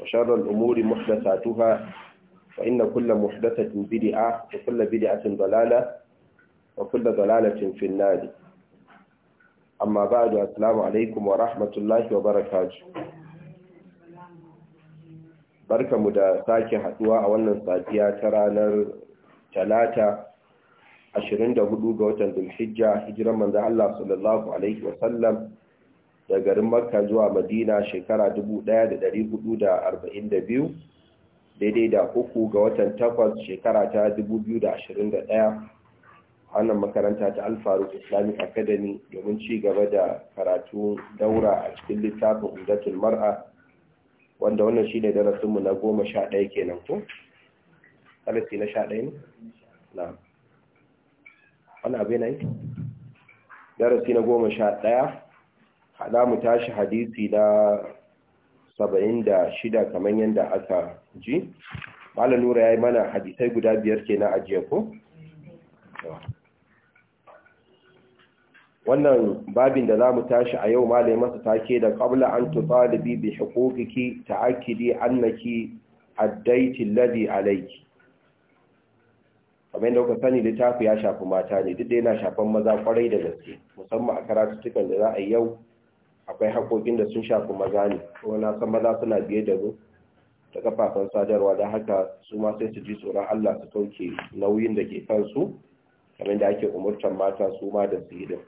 وشر الأمور محدثاتها فإن كل محدثة بدعة وكل بدعة ضلالة وكل ضلالة في النار أما بعد السلام عليكم ورحمة الله وبركاته barka mu da sake haɗuwa a wannan safiya ta ranar talata 24 ga watan dulhijja hijiran manzo Allah sallallahu alaihi da garin makka zuwa madina shekara 1442 daidai da uku ga watan takwas shekara ta 2021 wannan makaranta ta alfaru islamic academy domin ci gaba da karatu daura a cikin littafin umdatul mar'a wanda wannan shine darasinmu na goma sha ɗaya kenan ko? ƙarfi na sha ɗaya ne? na wani abinai? darasi na goma sha ɗaya za mu tashi hadisi na saba'in da shida kamar yadda aka ji mala nura ya yi mana hadisai guda biyar ke na ajiye ko? wannan babin da za mu tashi a yau malai masa take da kabla an da bi hukukiki ta'akidi annaki addaiti ladi alaiki kamar yadda kuka sani littafi ya shafi mata ne duk da yana shafan maza kwarai da gaske musamman a karatuttukan da za a yi yau akwai haƙoƙin da sun shafi maza ne ko na san maza suna biye da mu ta kafafen sadarwa da haka su ma sai su ji tsoron Allah su kauke nauyin da ke kansu kamar da ake umurtar mata su ma da su yi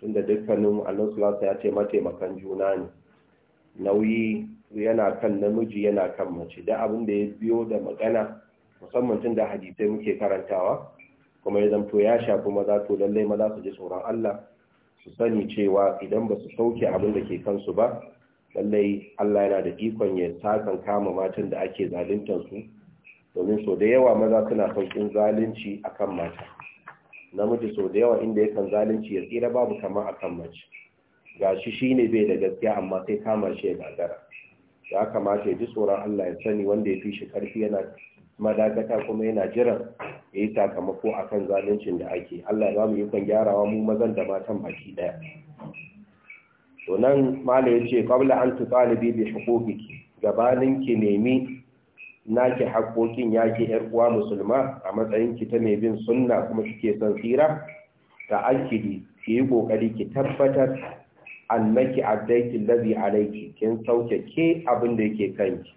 tunda dukkanin annan sulasa ya ce mataimakan juna ne nauyi yana kan namiji yana kan mace da abin da ya biyo da magana musamman tun da hadisai muke karantawa kuma ya zamto ya shafi maza to lallai maza su ji tsoron Allah su sani cewa idan ba su sauke abin da ke kansu ba lallai Allah yana da ikon ya sakan kama matan da ake zaluntar su domin sau da yawa maza suna sauƙin zalunci kan mata namiji sau da yawa inda yakan zalunci ya tsira babu kama a kan mace gashi ne bai da gaskiya amma sai kama shi ya gagara ya kamata ya ji tsoron Allah ya sani wanda ya fi shi karfi yana madagata kuma yana jiran ya yi sakamako a kan zaluncin da ake Allah za mu yi kan gyarawa mu mazan da matan baki ɗaya to nan mala ya ce kwabla an tu talibi bi hukukiki gabanin ki nemi naki haƙoƙin yaki yar uwa musulma a matsayin ki ta mai bin sunna kuma kike son tsira ta akidi ki yi kokari ki tabbatar annaki addaiki a alaiki kin sauke ke abin da yake kanki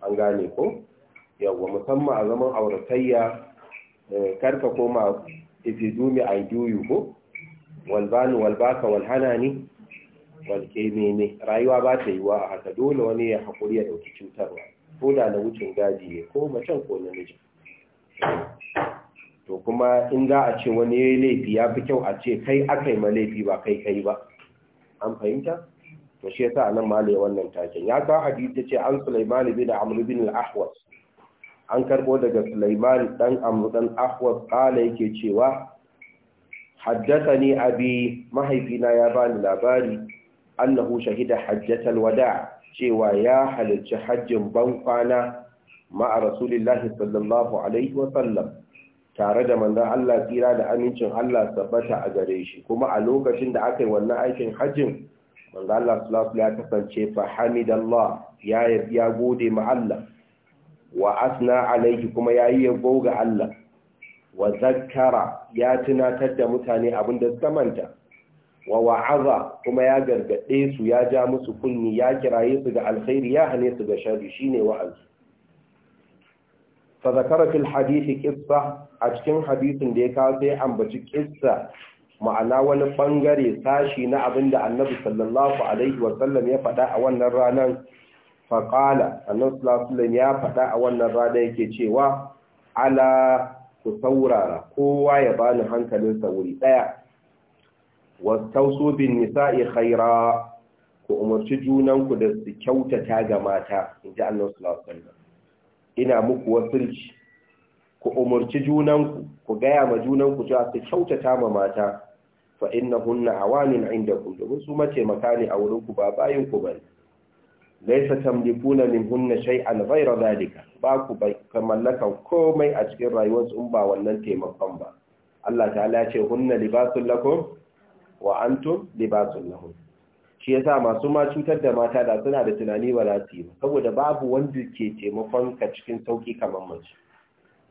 an gane ko yawwa musamman a zaman auratayya eh, karka koma ifidumi dumi a juyu ko walbani walbaka ne walke ne rayuwa ba ta yiwa a haka dole wani ya haƙuri ya ɗauki cutarwa ko da na wucin gaji ne ko macen ko namiji to kuma in za a ce wani ya yi laifi ya fi kyau a ce kai aka yi ma laifi ba kai kai ba an fahimta to shi ya a nan malai wannan taken ya sa hadisi ce an sulaimani bin Amr bin al-Ahwas an karbo daga Sulaiman dan Amr dan Ahwab kala yake cewa haddathani abi mahaifina ya bani labari annahu shahida hajjatal wada cewa ya halarci hajjin ban kwana ma'a rasulillahi sallallahu alaihi wa sallam tare da manzon Allah tsira da amincin Allah Tabbata a gare shi kuma a lokacin da aka yi wannan aikin hajjin manzon Allah sallallahu alaihi wa sallam ya kasance fa hamidallah ya ya gode ma Allah wa asna alaihi kuma yayi yabo ga Allah wa zakara ya tunatar da mutane abin da suka manta wa wa'aza kuma ya gargade su ya ja musu kunni ya kiraye su ga alkhairi ya hane su ga sharri shine wa'azi fa zakara fil hadisi qissa a cikin hadisin da ya kawo sai ambaci qissa ma'ana wani bangare sashi na abin da annabi sallallahu alaihi sallam ya faɗa a wannan ranar faƙala annan sulasulan ya faɗa a wannan rada yake cewa ala ku saurara kowa ya bani hankalin wuri ɗaya wasu bin nisa'i khaira ku umarci junanku da su kyautata ga mata in ji annan sulasulan ina muku wasulci ku umarci junanku ku gaya ma junanku cewa su kyautata ma mata a wani awanin indakum domin su mace makani a wurinku ba bayin ku bane laisa tamlikuna minhunna shay'an ghayra dhalika ba ku mallaka komai a cikin rayuwar in ba wannan taimakon ba Allah ta'ala ya ce hunna libasul lakum wa antum libasul lahum shi yasa masu ma cutar da mata da suna da tunani ba za su yi saboda babu wanda ke taimakon ka cikin sauki kamar mace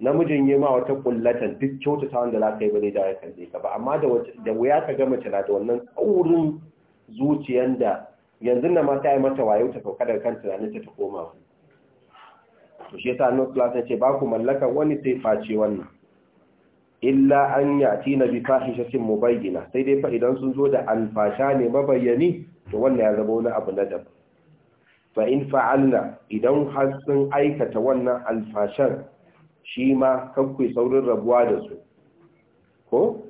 namijin yi ma wata kullata duk kyautata wanda za ka yi ba zai kalle ka ba amma da wuya ka ga mace na da wannan tsaurin zuciyar da yanzu na ma mata wayo ta sauka daga kan tunanin ta ta koma to shi yasa no class ce ba ku mallaka wani sai face wannan illa an yati nabi fahishatin mubayyina sai dai fa idan sun zo da alfasha ne mabayyani to wannan ya zama wani abu na daban fa in fa'alna idan har sun aikata wannan alfashan shi ma kakwai saurin rabuwa da su ko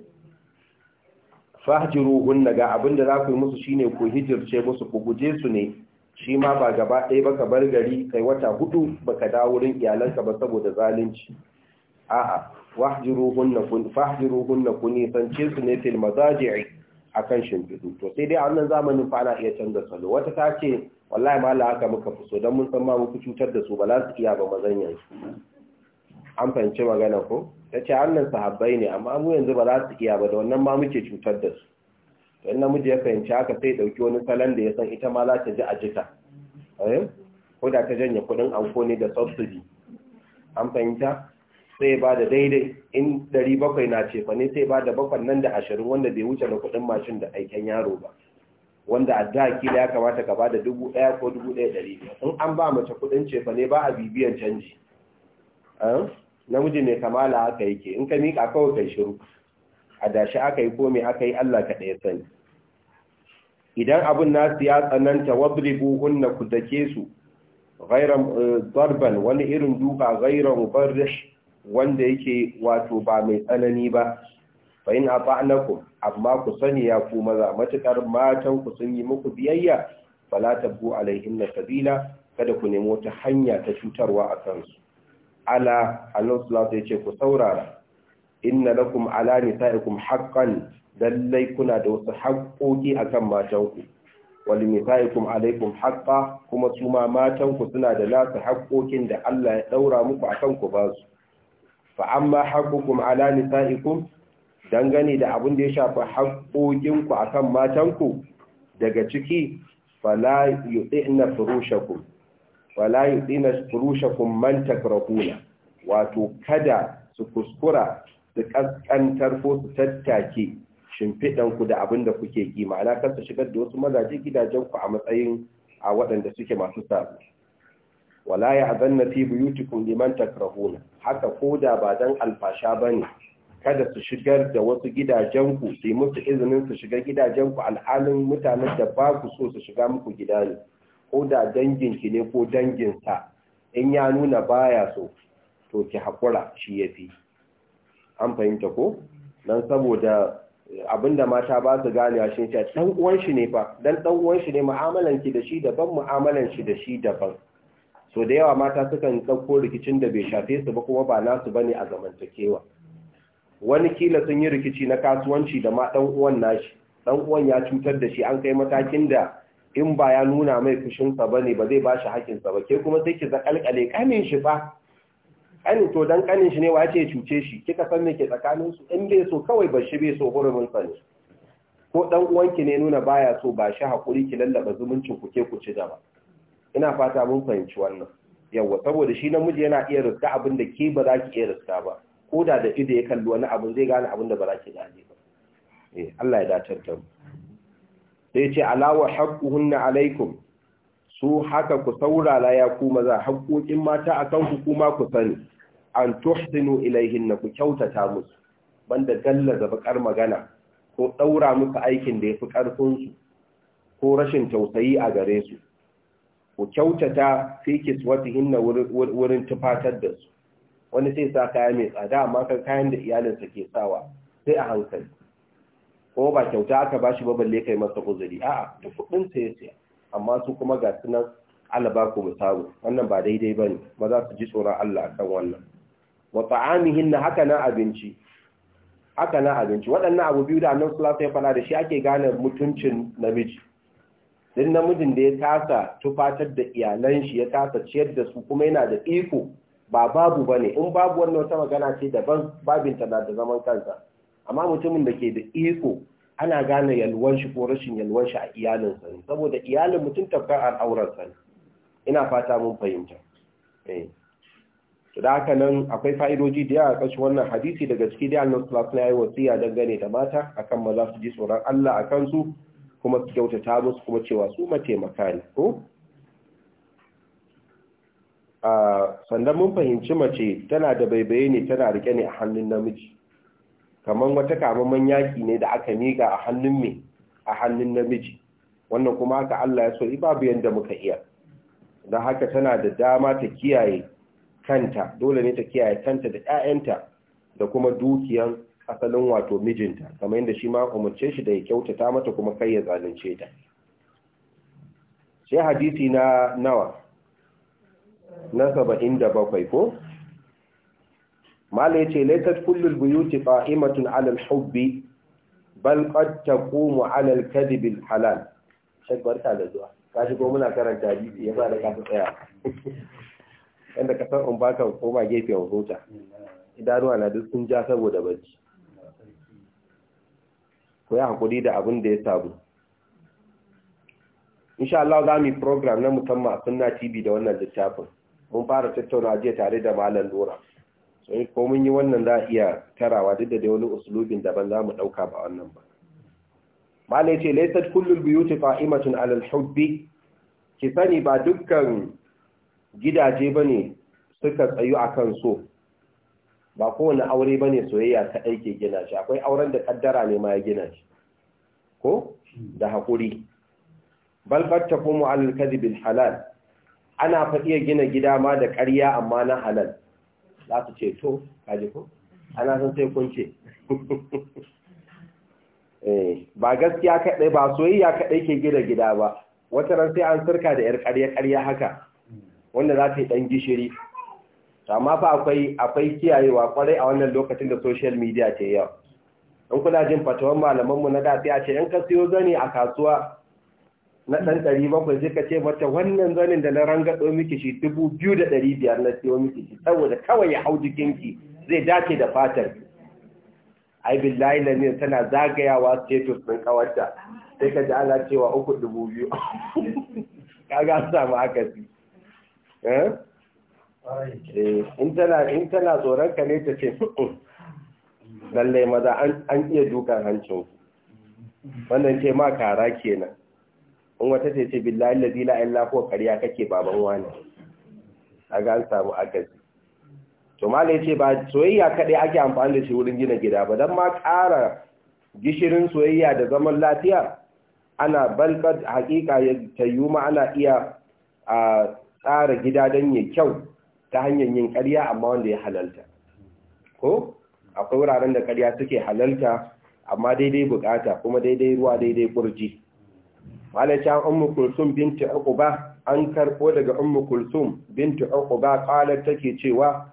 hunna ga abinda za ku yi musu shine ku hijirce musu ku guje su ne shi ma ba gaba ɗaya ba ka bar gari kai wata hudu baka dawo wurin iyalanka ba saboda zalunci a'a hunna kun hunna kun su ne fil mazaji'i akan shimfidu to sai dai a wannan zamanin fa ana iya canza salo wata ta ce wallahi ma muka fi dan mun san ma muku cutar da su ba za su iya ba mazan su. an fahimci magana ko ta ce annan sahabbai ne amma mu yanzu ba za su iya ba da wannan ma muke cutar da su in namiji ya fahimci haka sai dauki wani salon da ya san ita ma za ta ji a jika ehm? ko da ta janye kuɗin amfani da subsidy an fahimta sai ba da daidai in dari bakwai na cefa ne sai ba da bakwai nan da ashirin wanda bai wuce da kuɗin mashin da aiken yaro ba wanda a da kila ya kamata ka ba da dubu ɗaya ko dubu ɗaya ɗari in an ba mace kuɗin cefa ne ba a bibiyan canji ehm? namiji mai kamala haka yake in ka miƙa kawai kai shiru a dashi aka yi ko aka yi Allah ka ɗaya sani idan abin nasu ya tsananta buhun na ku dake su gairan zarban eh, wani irin duka gairan barish wanda yake wato ba mai tsanani ba fa na ata'nakum amma ku sani ya ku maza Matuƙar matan ku sun yi muku biyayya fala tabu alaihinna kabila kada ku nemo ta hanya ta cutarwa a kansu ala annabi sallallahu ya ce ku saurara inna lakum ala nisaikum haqqan lallai kuna da wasu haƙƙoƙi akan matanku wal nisaikum alaikum haƙƙa kuma su ma matanku suna da nasu haƙƙoƙin da Allah ya ɗaura muku akan ku ba su fa amma haqqukum ala nisaikum dangane da abin da ya shafi haƙƙoƙinku akan matanku daga ciki fala yu'tina furushakum wala yudina furushakum man takrahuna wato kada su kuskura su kaskantar ko su tattake shimfiɗan ku da abin da kuke ki ma'ana kar su shigar da wasu mazaje gidajen ku a matsayin a waɗanda suke masu sabu wala ya'zanna fi buyutikum liman takrahuna haka da ba dan alfasha bane kada su shigar da wasu gidajen ku sai musu izinin su shiga gidajenku alhalin mutanen da ba ku so su shiga muku gida ne ko da danginki ne ko dangin sa in ya nuna baya so to ki haƙura shi ya fi an fahimta ko don saboda abinda mata ba su a shi ce uwan shi ne fa dan dan uwan shi ne mu'amalan ki da shi daban mu'amalan shi da shi daban so da yawa mata sukan ɗauko rikicin da bai shafe su ba kuma ba nasu bane a zamantakewa wani kila sun yi rikici na kasuwanci da ma dan uwan nashi Dan uwan ya cutar da shi an kai matakin da in ba ya nuna mai fushinsa ba ne ba zai ba shi sa ba ke kuma sai ki zakalkale kanin shi ba kanin to dan kanin shi ne wa ce cuce shi kika san me ke tsakanin su in bai so kawai ba shi bai so hurumin sa ne ko dan uwanki ne nuna baya so ba shi hakuri ki lallaba zumuncin ku ke ku ci gaba ina fata mun fahimci wannan yawa saboda shi namiji yana iya riska abin da ke ba za ki iya riska ba ko da da ido ya kalli wani abin zai gane abin da ba za ki gane ba eh Allah ya dace da mu sai ce alawa haƙƙuhunna alaikum su haka ku saurala ya ku maza haƙƙoƙin mata a kan hukuma ku sani an tuhsinu na ku kyautata musu banda da bakar magana ko ɗaura musu aikin da ya fi ƙarfinsu, ko rashin tausayi a gare su ku kyautata fi hinna wurin tufatar da su wani sai sa kaya mai tsada amma kan kayan da iyalinsa ke sawa sai a hankali ko ba kyauta aka bashi ba balle kai masa uzuri a'a da kudin sai sai amma su kuma ga sunan alaba ku misalu wannan ba daidai bane ba za su ji tsoron Allah akan wannan wa ta'amihin haka na abinci haka na abinci waɗannan abu biyu da annabi sallallahu alaihi wasallam ya da shi ake gane mutuncin namiji din namijin da ya tasa tufatar da iyalan shi ya tasa ciyar da su kuma yana da iko ba babu bane in babu wannan wata magana ce daban babinta na da zaman kansa amma mutumin da ke da iko ana gane yalwanshi shi ko rashin yalwanshi a iyalinsa ne saboda iyalin mutum tabbar al'aurarsa ne ina fata mun fahimta eh da haka nan akwai fa'idoji da yawa kashi wannan hadisi daga ciki da Allah subhanahu wa yayi wasiya dangane da mata akan maza su ji tsoron Allah akan su kuma su kyautata musu kuma cewa su mataimaka ne ko a ah, sandan mun fahimci mace tana da baibaye ne tana rike ne a hannun namiji kamar wata kamaman yaki ne da aka miƙa a hannun me a hannun namiji wannan kuma haka Allah ya so babu yanda muka iya don haka tana da dama ta kiyaye kanta dole ne ta kiyaye kanta da ƴaƴanta da kuma dukiyan asalin wato mijinta kamar yadda shi ma umarce shi da ya kyautata mata kuma kai ya zalunce ta sai hadisi na nawa na 77 ko mala ce laitat kullul buyuti qa'imatun 'ala al-hubbi bal qad taqumu 'ala al halal shek barka da zuwa ka shigo muna karanta hadisi yasa da ka tsaya yadda ka san in baka koma gefe wa hota idanuwa na duk sun ja saboda bacci ko ya hakuri da abin da ya sabu insha Allah za mu yi program na musamman a sunna TV da wannan littafin mun fara tattauna jiya tare da malam Lura sai eh, ko mun yi wannan za a iya tarawa duk da dai wani uslubin daban za mu ɗauka ba wannan ba malai ce laysat kullul buyuti qa'imatun 'ala al-hubbi ki sani ba dukkan gidaje bane suka tsayu a kan so ba kowane aure bane soyayya ta aike gina shi akwai auren da kaddara ne ma ya gina shi ko da hakuri bal qad 'ala halal ana fa iya gina gida ma da ƙarya amma na halal za su ce to kaji ko ana san sai kun ce eh, ba gaskiya kaɗai ba soyayya kaɗai ke gida gida ba wata ran sai an sarka da 'yar ƙarya-ƙarya haka wanda za ta yi ɗan gishiri amma fa akwai akwai kiyayewa kwarai a wannan lokacin da social media ce yau in kuna jin fatawan malamanmu na da sai a ce in ka siyo zani a kasuwa na ɗan ɗari bakwai sai ka ce mata wannan zanin da na rangaɗo miki shi dubu biyu da ɗari biyar na siyo miki shi saboda kawai ya hau jikinki zai dace da fatar ai billahi na min tana zagayawa status ɗin kawarta sai ka ji ana cewa uku dubu biyu kaga samu akasi eh? Eh, in tana in tana tsoron ka ne ta ce lallai maza an iya dukan hancin wannan ce ma kara kenan in wata ce ce billahi allazi la ilaha ko ƙarya kake baban wani ga an samu akasi to malai ce ba soyayya kadai ake amfani da shi wurin gina gida ba dan ma ƙara gishirin soyayya da zaman lafiya ana balbad hakika ya ma ana iya a tsara gida don ya kyau ta hanyar yin ƙarya amma wanda ya halalta ko akwai wuraren da ƙarya suke halalta amma daidai bukata kuma daidai ruwa daidai kurji malaka ummu kulsum binti uquba an karbo daga ummu kulsum binti uquba qalat take cewa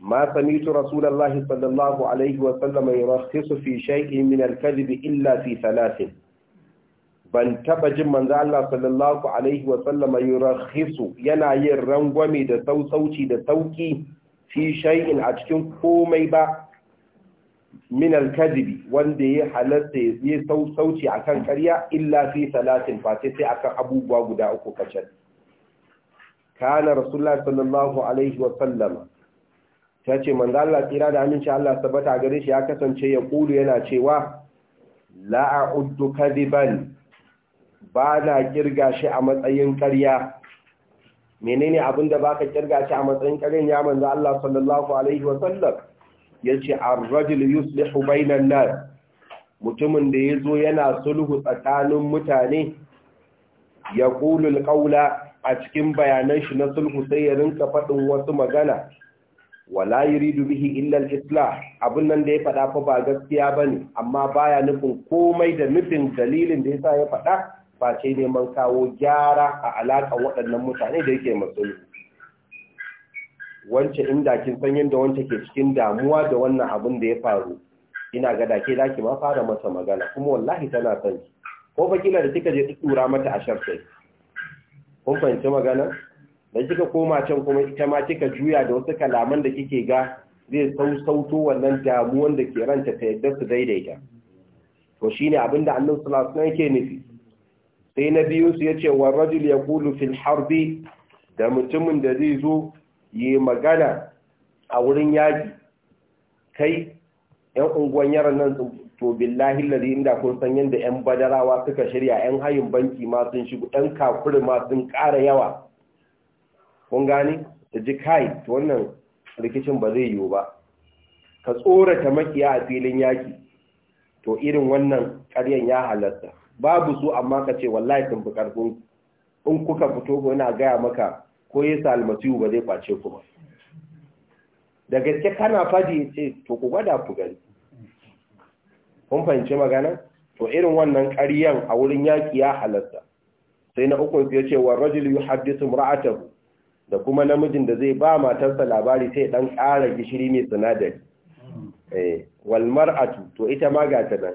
ma samitu rasulullahi sallallahu alaihi wa sallam fi shay'in min al-kadhib illa fi thalathin ban taba jin manzo Allah sallallahu alaihi wa sallam yana yin rangwame da sausauci da sauki fi shay'in a cikin komai ba min alkazibi wanda ya halatta ya sauci akan ƙarya illa fi salatin face sai akan abubuwa guda uku kacal kana rasulullah sallallahu alaihi wa sallama ta ce manzo Allah tsira da aminci Allah sabata gare shi ya kasance ya kulu yana cewa la a'uddu kadiban ba na kirga shi a matsayin ƙarya menene abinda baka kirga shi a matsayin ƙaryan ya manzo Allah sallallahu alaihi wa sallam yace ar-rajul yuslihu bainan nas mutumin da ya zo yana sulhu tsakanin mutane ya qulul qawla a cikin bayanan shi na sulhu sai ya rinka faɗin wasu magana wala yuridu bihi illa al-islah nan da ya faɗa fa ba gaskiya bane amma baya nufin komai da nufin dalilin da yasa ya fada face neman kawo gyara a alaƙar waɗannan mutane da yake masulhu wance inda kin san yadda wance ke cikin damuwa da wannan abin da ya faru ina ga dake zaki ma fara mata magana kuma wallahi tana son ki ko fa kila da kika je tura mata a sharfe kun fahimci magana da kika koma can kuma ita ma kika juya da wasu kalaman da kike ga zai sausauto wannan damuwan da ke ranta ta yadda su daidaita to shine abin da annabi sallallahu alaihi yake nufi sai na biyu su yace wa rajul yaqulu fil harbi da mutumin da zai zo yi magana a wurin yaji kai yan unguwan yaran nan to billahi yin inda kun san yadda yan badarawa suka shirya yan hayin banki ma sun shigo yan kakuri ma sun ƙara yawa kun gani ta ji kai to wannan rikicin ba zai yiwu ba ka tsorata makiya a filin yaki to irin wannan karyan ya halatta babu su amma ka ce wallahi tun bukar kun in kuka fito ko ina gaya maka ko sa almasihu ba zai kwace ku ba da gaske kana fadi ce to ku gwada ku gani kun fahimci magana to irin wannan ƙaryan a wurin yaƙi ya halarta. sai na uku ya ce wa rajul yuhaddithu imra'atahu da kuma namijin da zai ba matarsa labari sai dan ƙara gishiri mai sinadari eh wal mar'atu to ita ma ga ta nan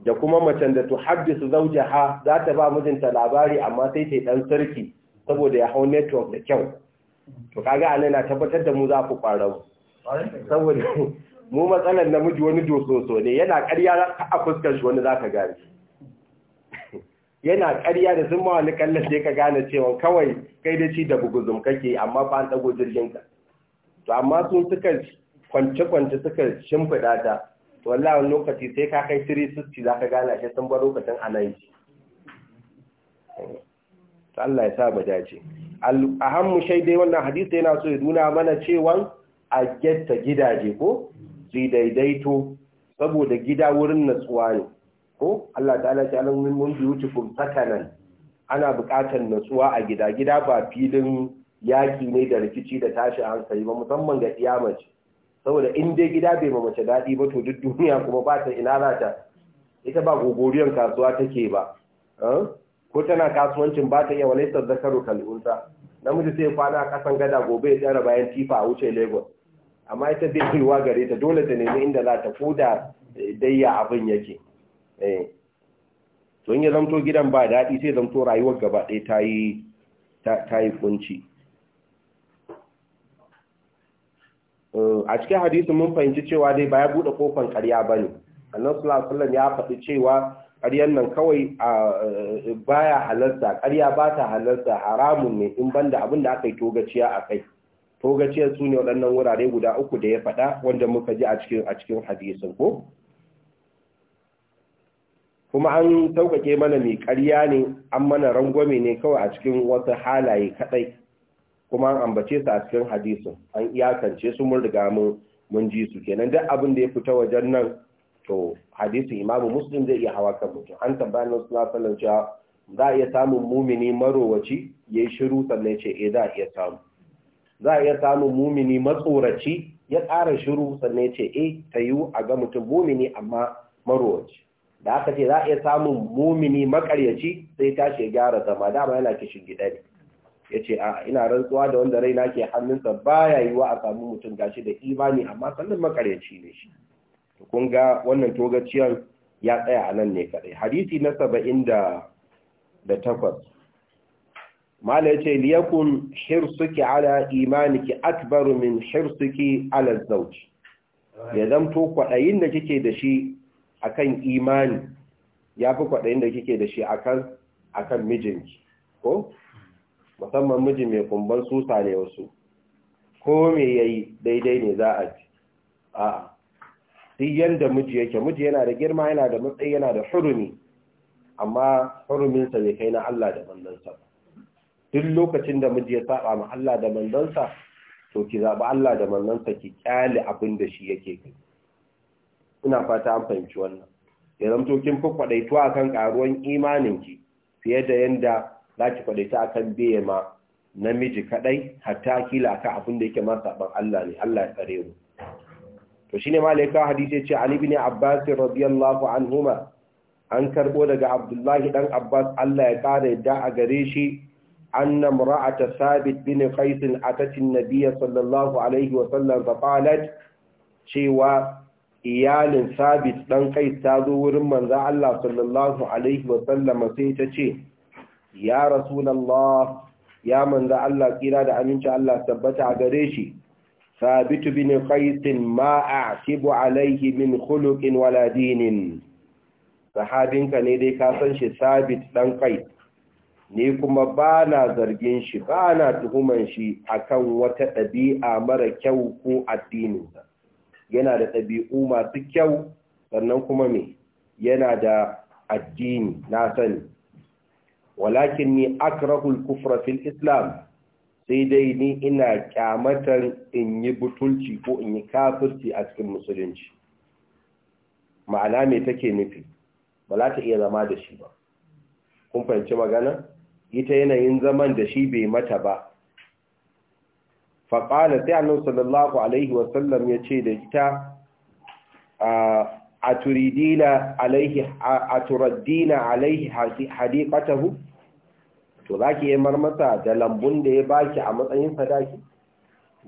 da kuma macen da tu tuhaddisu zawjaha za ta ba mijinta labari amma sai ta dan sarki saboda ya hau network da kyau to kaga anan na tabbatar da mu za ku ƙwararru saboda mu matsalar namiji wani dososo ne yana ƙarya a fuskar shi wani za ka gane yana ƙarya da sun mawani kallon sai ka gane cewa kawai kai da ci da buguzum kake amma fa an ɗago jirgin ka to amma sun suka kwance-kwance suka shimfiɗa ta to wallahi lokaci sai ka kai 360 za ka gane shi sun bar lokacin anayi Allah ya sa dace ahammu shay dai wannan hadisi yana so ya duna mana cewa a getta gidaje ko zai daidaito saboda gida wurin natsuwa ne ko Allah ta'ala ya alan min mun biyu cikin sakanan ana buƙatar natsuwa a gida gida ba filin yaki ne da rikici da tashi hankali ba musamman ga iyamace saboda in dai gida bai ma mace daɗi ba to duk duniya kuma ba ta ina ta ita ba gogoriyar kasuwa take ba ko tana kasuwancin ba ta iya wani sa zakaru kal'unta namiji sai kwana a kasan gada gobe ya tsara bayan tifa a wuce lagos amma ita fi wa gare ta dole ta nemi inda za ta koda ya abin yake eh. to in ya zamto gidan ba daɗi sai zamto rayuwar gaba ɗaya ta yi ta yi kunci eh, a cikin hadisi mun fahimci cewa dai ba ya buɗe kofan ƙarya ba ne alaihi wasallam ya faɗi cewa ƙaryan nan kawai eh, baya halarta ƙarya ba ta halarta haramun ne in banda abin da aka yi togaciya a kai togaciyar su ne waɗannan wurare guda uku da ya faɗa wanda muka ji a cikin a cikin hadisin ko kuma an sauƙaƙe mana mai ƙarya ne an mana rangwame ne kawai a cikin wasu halaye kaɗai kuma an ambace su a cikin hadisin an iyakance su mun riga mun ji su kenan duk abin da ya fita wajen nan to hadisi imamu muslim zai iya hawa kan mutum an tambaya na suna sallan cewa za a iya samun mumini marowaci ya yi shiru sannan ce e eh, za a iya samu za a iya samun mumini matsoraci ya ƙara shiru sannan ce e eh, ta yiwu a ga mutum mumini amma marowaci da aka ce za a iya samun mumini makaryaci sai tashi ya gyara zama dama yana kishin gida ne ya ce a ina rantsuwa da wanda raina ke hannunsa baya yiwa a samu mutum gashi da imani amma sannan makaryaci ne shi to kun ga wannan togaciyar ya tsaya a nan ne kadai hadisi na saba'in da takwas mala yace liyakun hirsuki ala imaniki akbaru min hirsuki ala zawj ya zamto kwadayin da kike da shi akan imani ya fi kwadayin da kike da shi akan akan mijinki ko musamman miji mai kumban susa ne wasu ko me yayi daidai ne za a ci a'a duk yanda miji yake miji yana da girma yana da matsayi yana da hurumi amma huruminsa bai kai na Allah da manzansa duk lokacin da miji ya saba ma Allah da manzansa to ki zaba Allah da manzansa ki kyale abin da shi yake kai ina fata an fahimci wannan ya zamto kin fi kwadaituwa akan karuwan imanin ki fiye da yanda za ki kwadaita akan ma namiji kadai hatta kila ka abin da yake ma saban Allah ne Allah ya tsare mu to shine malaika hadisi ce Ali bin Abbas radiyallahu anhuma an karbo daga Abdullahi dan Abbas Allah ya kare da a gare shi anna mar'ata Sabit bin Qais atati an-nabiy sallallahu alaihi wa sallam fa qalat cewa iyalin Sabit dan Qais ta zo wurin manzo Allah sallallahu alaihi wa sallam sai ta ce ya rasulullah ya manzo Allah kira da aminci Allah tabbata a gare shi Sabitu bin قيس ما أعتب min من خلق ولا دين sahabinka ne dai ka san shi sabit ɗan kai Ne kuma ba na zargin shi ba na tuhuman shi akan wata ɗabi'a mara kyau ko addininsa yana da ɗabi'u masu kyau sannan kuma me yana da addini na sani walakin ni akrahul kufra fil islam sai dai ni ina kyamatar in yi butulci ko in yi kafirci a cikin musulunci ma'ana mai take nufi ba za ta iya zama da shi ba kun fahimci magana ita yanayin zaman da shi bai mata ba faƙala sai annabi sallallahu alaihi wasallam ya ce da ita a turidina alaihi a to za ki yi marmata da lambun da ya baki a matsayin sadaki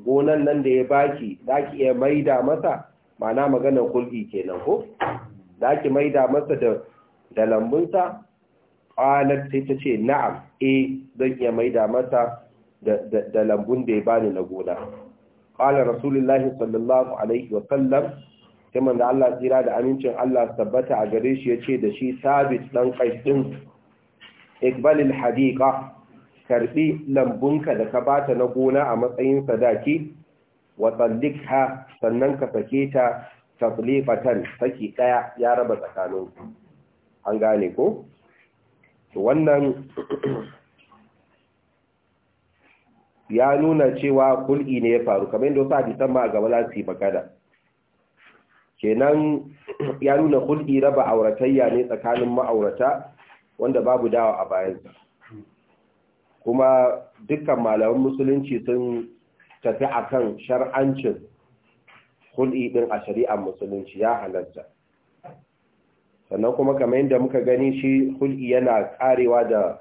gonan nan da ya baki za ki iya maida masa mana maganar kulki kenan ko za ki maida masa da lambunsa ƙwanar sai ta ce na'am eh zan iya maida masa da lambun da ya bani na gona ƙwalar rasulullahi sallallahu alaihi wasallam sai manda Allah tsira da amincin Allah tabbata a gare shi ce da shi sabit dan kaisin iqbalil hadiqa karbi lambunka da ka bata na gona a matsayin sadaki wa tsallikha sannan ka sake ta tsallifatan saki daya ya raba tsakanin an gane ko to wannan ya nuna cewa kul'i ne ya faru kamar yadda wasu hadisan ma a gaba za su yi magana kenan ya nuna kul'i raba auratayya ne tsakanin ma'aurata wanda babu dawa a bayansa kuma dukkan malaman musulunci sun tafi akan shar'ancin hul'i din a shari'ar musulunci ya halarta, sannan kuma kamar yadda muka gani shi hul'i yana karewa da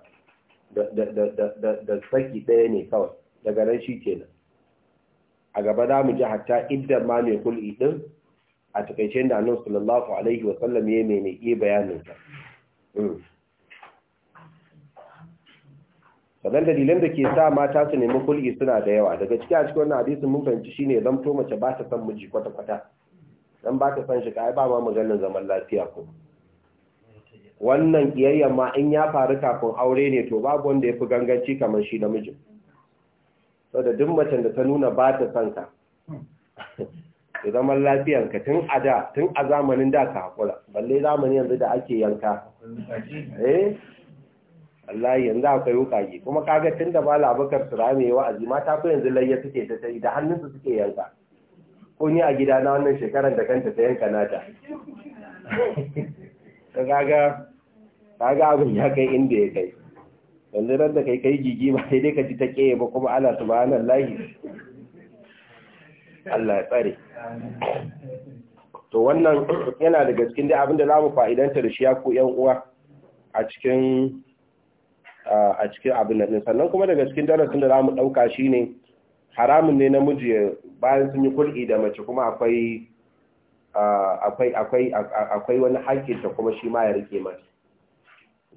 da saki ɗaya ne kawai daga nan shi kenan a gaba za mu ji hatta idan ma mai hul'i din a takaice da annabi sallallahu alaihi wa sallam ya mene bayanin sa hmm. sannan dalilan da ke sa mata su nemi kulki suna da yawa daga ciki a cikin wannan hadisin mun fahimci shine zan to mace ba ta san miji kwata kwata dan ba ta san shi kai ba ma maganar zaman lafiya ko wannan kiyayya ma in ya faru kafin aure ne to babu wanda ya fi ganganci kamar shi namijin saboda duk macen da ta nuna ba ta san ka da zaman ka tun a da tun a zamanin da ka hakura balle zamanin yanzu da ake yanka eh wallahi yanzu akwai wukaki kuma kaga tun ba mala abakar turame ya wa'azi mata ko yanzu layya suke ta sai da hannunsu suke yanka ko ni a gida na wannan shekarar da kanta ta yanka nata ta kaga kaga abin ya kai inda ya kai yanzu ran da kai kai gigi ba sai dai ka ji ta keye ba kuma Allah subhanallahi Allah ya tsare to wannan yana daga cikin dai abin da za mu fa'idanta da shi ya ku yan uwa a cikin a cikin abin nan sannan kuma daga cikin darasin da za mu ɗauka shi ne haramun ne na namiji bayan sun yi kul'i da mace kuma akwai akwai wani ta kuma shi ma ya rike mata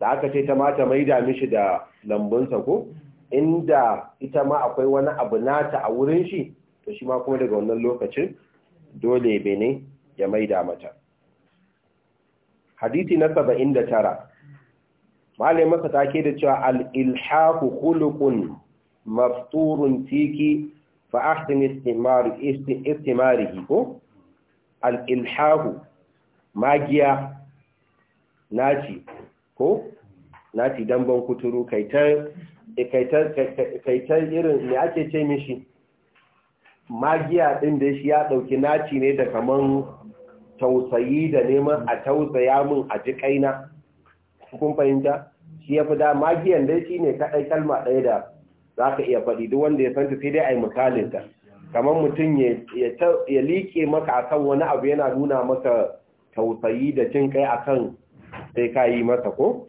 da aka ce ta mata mai da mishi da lambunsa ko inda ita ma akwai wani abu nata a wurin shi to shi ma kuma daga wannan lokacin dole bene ya maida mata hadisi na saba'in da tara malai masa take da cewa al hulukun khuluqun mafturun tiki fa ahsin istimar istimarihi ko al magiya naci ko naci damban kuturu kaitar kaitar irin ne ake ce mishi magiya din da shi ya dauki naci ne da kaman tausayi da neman a tausaya min a ji kaina kun fahimta shi ya fi da magiyan dai shi ne kaɗai kalma ɗaya da za ka iya faɗi duk wanda ya san ta sai dai a yi ta kamar mutum ya liƙe maka akan wani abu yana nuna maka tausayi da jin kai akan sai ka yi masa ko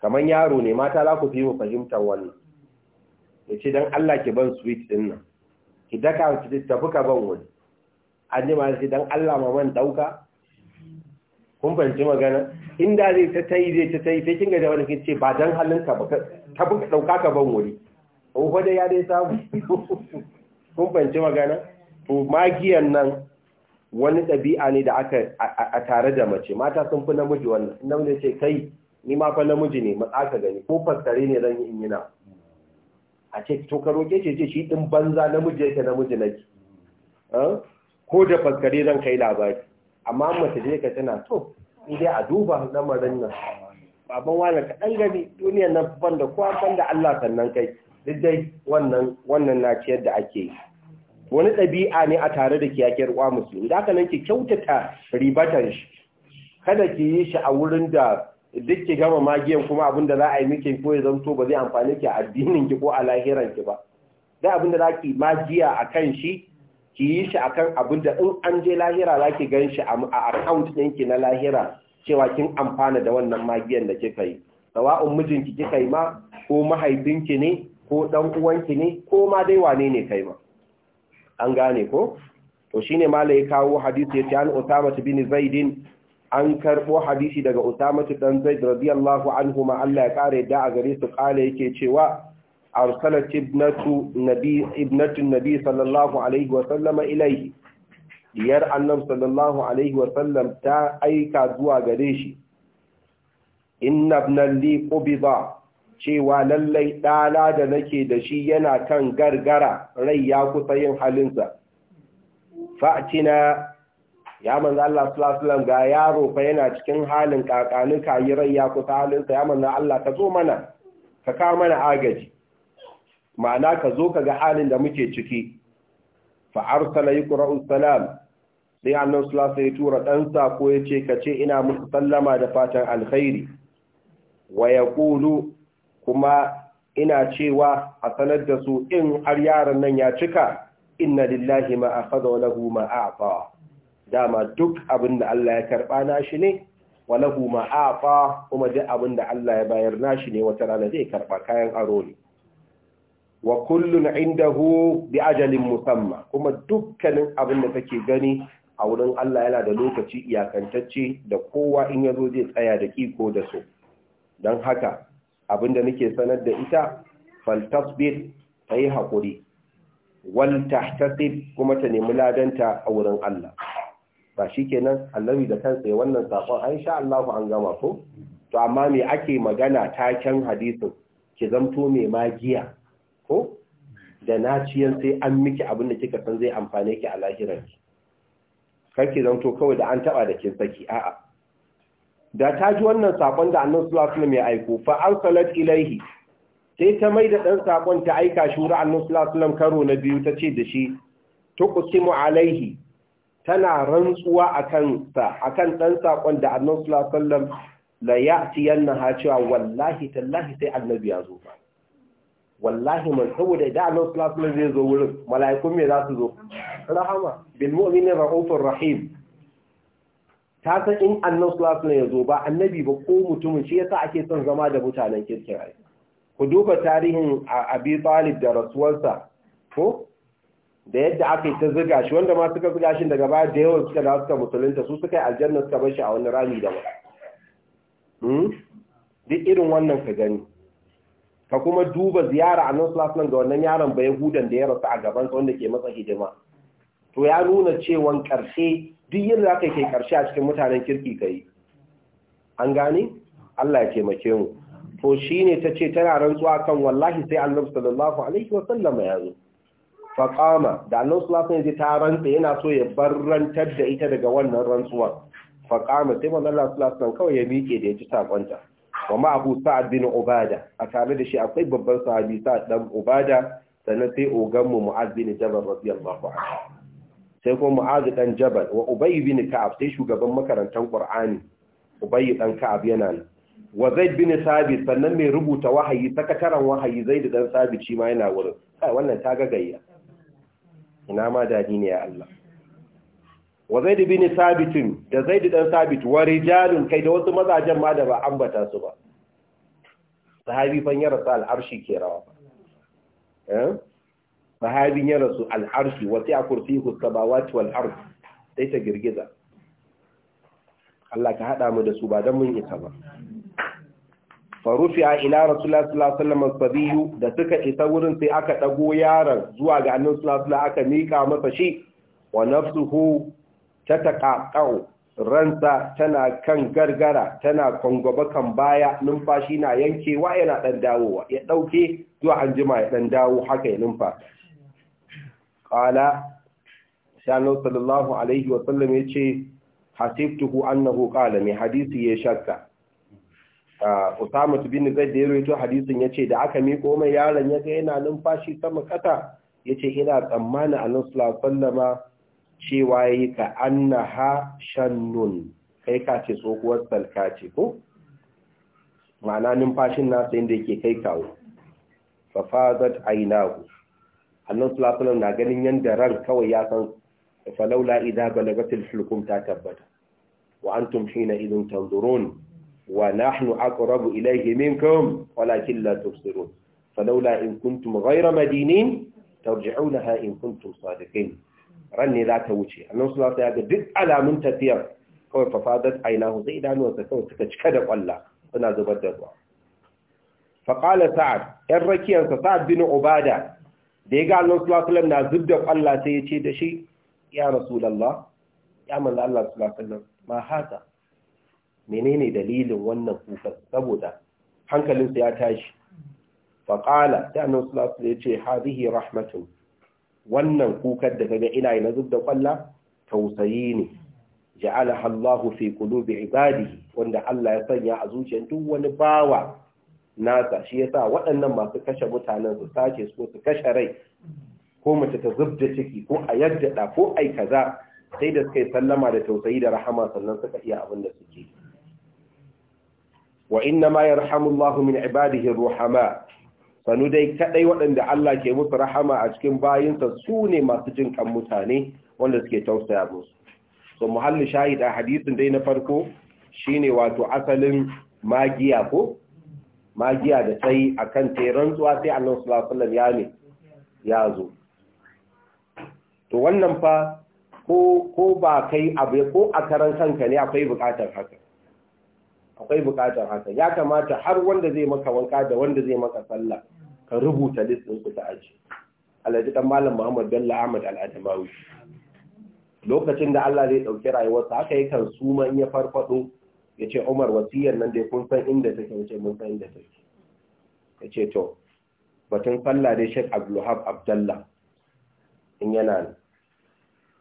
kamar yaro ne mata za ku fi mu fahimtar wannan ya ce don Allah ki ban sweet din nan ki daka ki tafi ka ban wani an ji ma sai don Allah ma man ɗauka kun fahimci magana inda zai ta yi zai ta yi, sai kin ga da wani kin ce ba dan ka ba ta buka dauka ka ban wuri ko da ya dai samu kun fahimci magana to magiyan nan wani dabi'a ne da aka a tare da mace mata sun fi namiji wannan namiji ce kai ni ma fa namiji ne matsa ka gani ko fassare ne zan yi in yana a ce to ka roke ce ce shi din banza namiji yake namiji nake ko da fassare zan kai labari amma mace je ka tana to in dai a duba lamarin nan baban wani ka dan gani duniyar nan ban da kowa ban da Allah sannan kai duk dai wannan wannan na ciyar da ake yi wani ɗabi'a ne a tare da kiyakiyar uwa musulmi da haka nan ki kyautata ribatan shi kada ki yi shi a wurin da duk ki gama magiyan kuma abin da za a yi miki ko ya zanto ba zai amfani ki a addinin ki ko a lahiran ki ba dai abin da za ki magiya a kan shi ki yi shi akan abin da in an je lahira za ki gan shi a account ɗinki na lahira cewa kin amfana da wannan magiyan da kika yi sawa'un mijinki kika yi ma ko mahaifinki ne ko ɗan uwanki ne ko ma dai wane ne kai ma an gane ko to shine mala ya kawo hadisi ya ce an Usama bin Zaidin an karɓo hadisi daga Usama dan Zaid radiyallahu anhu ma Allah ya kare da a gare su kale yake cewa أرسلت ابنة نبي ابنة ta aika zuwa gare shi inna ibnan li qubida cewa lallai ɗana da nake da shi yana kan gargara rai ya kusa yin halinsa fa'tina ya manzo Allah sallallahu ga yaro fa yana cikin halin kakanin yi rai ya kusa halinsa ya manzo Allah ka zo mana ka kawo mana agaji ma'ana ka zo ka ga halin da muke ciki fa arsala yaqra'u salam sai annabi sallallahu alaihi tura dan sako yace ka ce ina musu sallama da fatan alkhairi wa yaqulu kuma ina cewa a sanar da su in har yaran nan ya cika inna lillahi ma akhadha wa lahu ma a'ta dama duk abin da Allah ya karba nashi ne wa lahu ma a'ta kuma duk abin da Allah ya bayar na shi ne wata rana zai karɓa kayan aro ne wa kullun indahu bi ajalin musamma kuma dukkanin abin da kake gani a wurin Allah yana da lokaci iyakantacce da kowa in yazo zai tsaya da kiko da so dan haka abin da nake sanar da ita fal ta yi haƙuri wal tahtasib kuma ta nemi ladanta a wurin Allah ba shi kenan annabi da kansa ya wannan sakon an sha Allahu an gama ko to amma me ake magana taken hadisin ki zamto mai magiya ko da ciyan sai an miki abin da kika san zai amfane ki a ki kake zanto kawai da an taba da kin saki a'a da ta ji wannan sakon da annabi sallallahu alaihi wasallam ya aiko fa arsalat ilaihi sai ta mai da dan sakon ta aika shi wurin annabi sallallahu alaihi wasallam karo na biyu ta ce da shi tuqsimu alaihi tana rantsuwa akan sa akan dan sakon da annabi sallallahu alaihi wasallam la ya'ti yanha cewa wallahi tallahi sai annabi ya zo fa wallahi man saboda da Allah sallallahu alaihi zai zo wurin mala'ikun me za su zo rahama bil ne raufur rahim ta san in annabi sallallahu alaihi ya zo ba annabi ba ko mutumin shi yasa ake son zama da mutanen kirkin ku duba tarihin Abi Talib da rasuwarsa ko da yadda aka yi ta ziga shi wanda ma suka ziga shi daga baya da yawan suka da suka musulunta su suka yi aljanna suka bar shi a wani rami da ba hmm? duk irin wannan ka gani ka kuma duba ziyara a nan ga wannan yaron bai hudan da ya rasu a gaban sa wanda ke matsa hidima to ya nuna cewa karshe duk yin za kai kai karshe a cikin mutanen kirki kai an gane Allah ya taimake mu to shine tace tana rantsuwa kan wallahi sai Annabi sallallahu alaihi wa sallama ya zo fa qama da Annabi sallallahu alaihi ta rantsa yana so ya bar rantar da ita daga wannan rantsuwa Faƙama sai manzo Allah sallallahu kawai ya miƙe da ya ci sakonta wa abu sa'ad bin ubada a tare da shi akwai babban sahabi sa'ad dan ubada sannan sai ogan mu mu'az bin jabal radiyallahu anhu sai kuma mu'az dan jabal wa ubay bin ka'ab sai shugaban makarantar qur'ani ubay dan ka'ab yana nan wa zaid bin sabit sannan mai rubuta wahayi sakataren wahayi zaid dan sabit shi ma yana wurin kai wannan ta gagayya ina ma dadi ne ya Allah wa zaid bin sabitin da zaid dan sabit wa rijalun kai da wasu mazajen ma da ba ambata su ba sahabi fan ya rasu al'arshi ke rawa eh sahabin ya rasu al'arshi wasu ya kursiyu samawati wal ard sai ta girgiza Allah ka hada mu da su ba dan mun isa ba a ila rasulullah sallallahu alaihi wasallam sabiyu da suka isa wurin sai aka dago yaron zuwa ga annabi sallallahu alaihi aka mika masa shi wa nafsuhu ta taƙaƙau ransa tana kan gargara tana kwangwaba kan baya numfashi na yankewa yana ɗan dawowa ya ɗauke zuwa an jima ya ɗan dawo haka ya numfasa ƙala shanu sallallahu alaihi sallam ya ce hasibtuhu annahu ƙala mai hadisi ya shakka Usama bin Zaid da ya rawaito hadisin yace da aka miko mai yaron ya ga yana numfashi sama kasa yace ina tsammani Annabi sallallahu alaihi wasallama cewa yi ka shan shannun kai ka ce tsohuwar salka ce ko ma'ana numfashin nasa inda yake kai kawo fafazat ku. annan sulasulan na ganin yadda ran kawai ya san falaula idan balagatil hulkum ta tabbata wa an tumfi na izin tanzuron? wa na nahnu rabu ilayhi minkum walakin la tubsirun falaula in kuntum ghayra madinin tarji'unaha in kuntum sadiqin ran ne za ta wuce annan su ya ga duk alamun tafiyar kawai fafadat ainahu sai idanuwarsa kawai suka cika da kwalla suna zubar da ruwa faƙala sa'ad ‘yan rakiyarsa sa'ad bin obada da ya ga annan su na zub da kwalla sai ya ce da shi ya rasulallah ya manzo Allah sallallahu ma haka menene dalilin wannan kuka saboda hankalinsa ya tashi faƙala da annan su ya ce hadihi rahmatun wannan kukar da kaga ina yi na zub da kwalla tausayi ne ja'alaha Allahu fi qulubi ibadihi wanda Allah ya sanya a zuciyar duk wani bawa nasa shi yasa waɗannan masu kashe mutanen su sace su su kashe rai ko mace ta zubda ciki ko a yaddada ko ai kaza sai da suka yi sallama da tausayi da rahama sannan suka iya abin da suke wa inna ma yarhamu Allahu min ibadihi ruhama sanu dai kadai waɗanda Allah ke musu rahama a cikin bayinsa su ne masu jin kan mutane wanda suke tausaya musu so muhalli shahid a hadisin dai na farko shine wato asalin magiya ko magiya da sai kan teran zuwa sai Allah sallallahu ya ne ya zo to wannan fa ko ba kai abu ko a karan kanka ne akwai bukatar haka akwai bukatar haka ya kamata har wanda zai maka wanka da wanda zai maka sallah ka rubuta list ku ta aji alhaji dan malam Muhammad Bello Ahmad al-Adamawi lokacin da Allah zai dauki rayuwarsa haka yakan suma in ya farfado yace Umar wasiyar nan dai kun san inda take yace mun san inda take yace to batun sallah dai Sheikh Abdulhab Abdullah in yana nan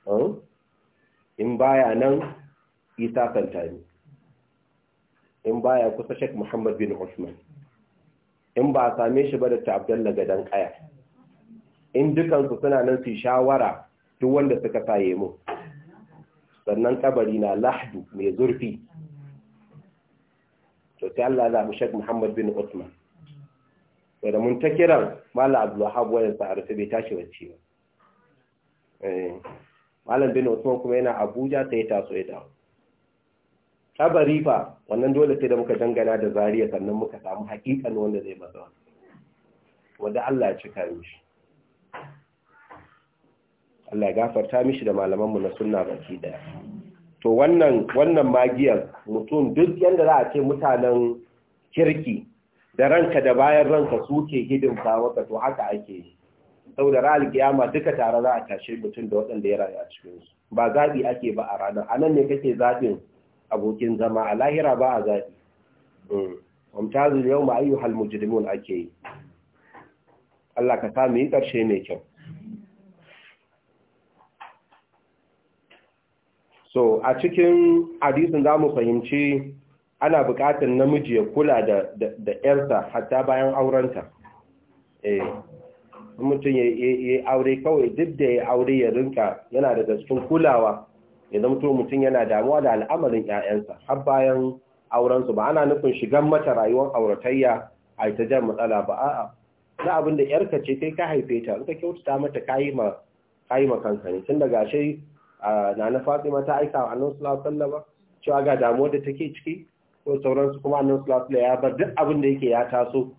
hmm? in baya nan Isa Santani in baya kusa Sheikh Muhammad bin Usman in ba a same shi ba da Abdalla Gadon kaya in dukansu suna nan su shawara duk wanda suka saye mu sannan kabari na lahdu mai zurfi to sai Allah mu Sheikh Muhammad bin Uthman to da mun ta kiran Malam Abdul Wahab wayan sa arfe bai tashi wacce ba eh Malam bin Uthman kuma yana Abuja sai ya taso ya dawo tabari fa wannan dole sai da muka dangana da zariya sannan muka samu hakikan wanda zai matsa wanda Allah ya cika mishi Allah ya gafarta mishi da malamanmu na sunna baki daya to wannan wannan magiyar mutum duk yadda za a ce mutanen kirki da ranka da bayan ranka suke hidin maka to haka ake yi da ra'al kiyama duka tare za a tashe mutum da waɗanda ya rayu a cikin su ba zabi ake ba a ranar anan ne kake zabin abokin zama a lahira ba a zaɓi mm. wamtazul yau ma ayyuhal mujrimun ake yi Allah ka sami yi ƙarshe mai kyau so a cikin hadisin za mu fahimci ana buƙatar namiji ya kula da ‘yarsa hatta bayan aurenta eh mutum ya yi aure kawai duk da ya aure ya rinka yana daga cikin kulawa ya zamto mutum yana damuwa da al'amarin 'ya'yansa, har bayan aurensu ba ana nufin shigan mata rayuwar auratayya a ita jan matsala ba a'a na abin da yarka ce kai ka haife ta in ka kyautata mata kayi ma kayi ma kanka ne tun daga shi na na Fatima ta aika wa Annabi sallallahu alaihi cewa ga damuwar da take ciki ko sauransu kuma Annabi sallallahu alaihi wasallam ya bar duk abin da yake ya taso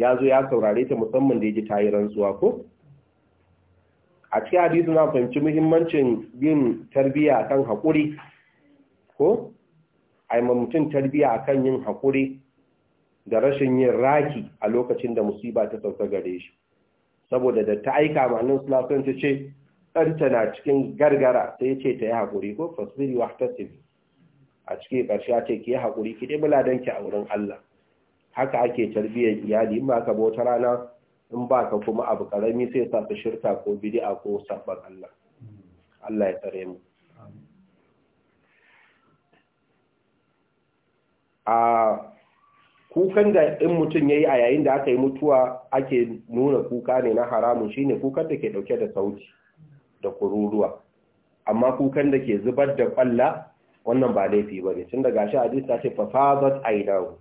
ya zo ya saurare ta musamman da ya ji tayi rantsuwa ko a cikin hadisin na fahimci muhimmancin yin tarbiya kan haƙuri ko aima mutum tarbiya kan yin haƙuri da rashin yin raki a lokacin da musiba ta sauka gare shi saboda da ta aika ma'anin sulafin ta ce ɗanta na cikin gargara sai ce ta yi haƙuri ko fasiri wa a cikin ƙarshe ce ki yi haƙuri ki ɗaya muladanki a wurin Allah haka ake tarbiyyar iyali in ba ka bauta rana in ba ka kuma abu karami sai sa ka shirka ko bidi'a, ko sabbin Allah Allah ya tsare mu a kukan da in mutum yayi a yayin da aka yi mutuwa ake nuna kuka ne na haramun shine kukan da ke dauke da sauti da kururuwa amma kukan da ke zubar da kwalla wannan ba laifi bane tun daga shi hadisi ta ce fa fadat aidahu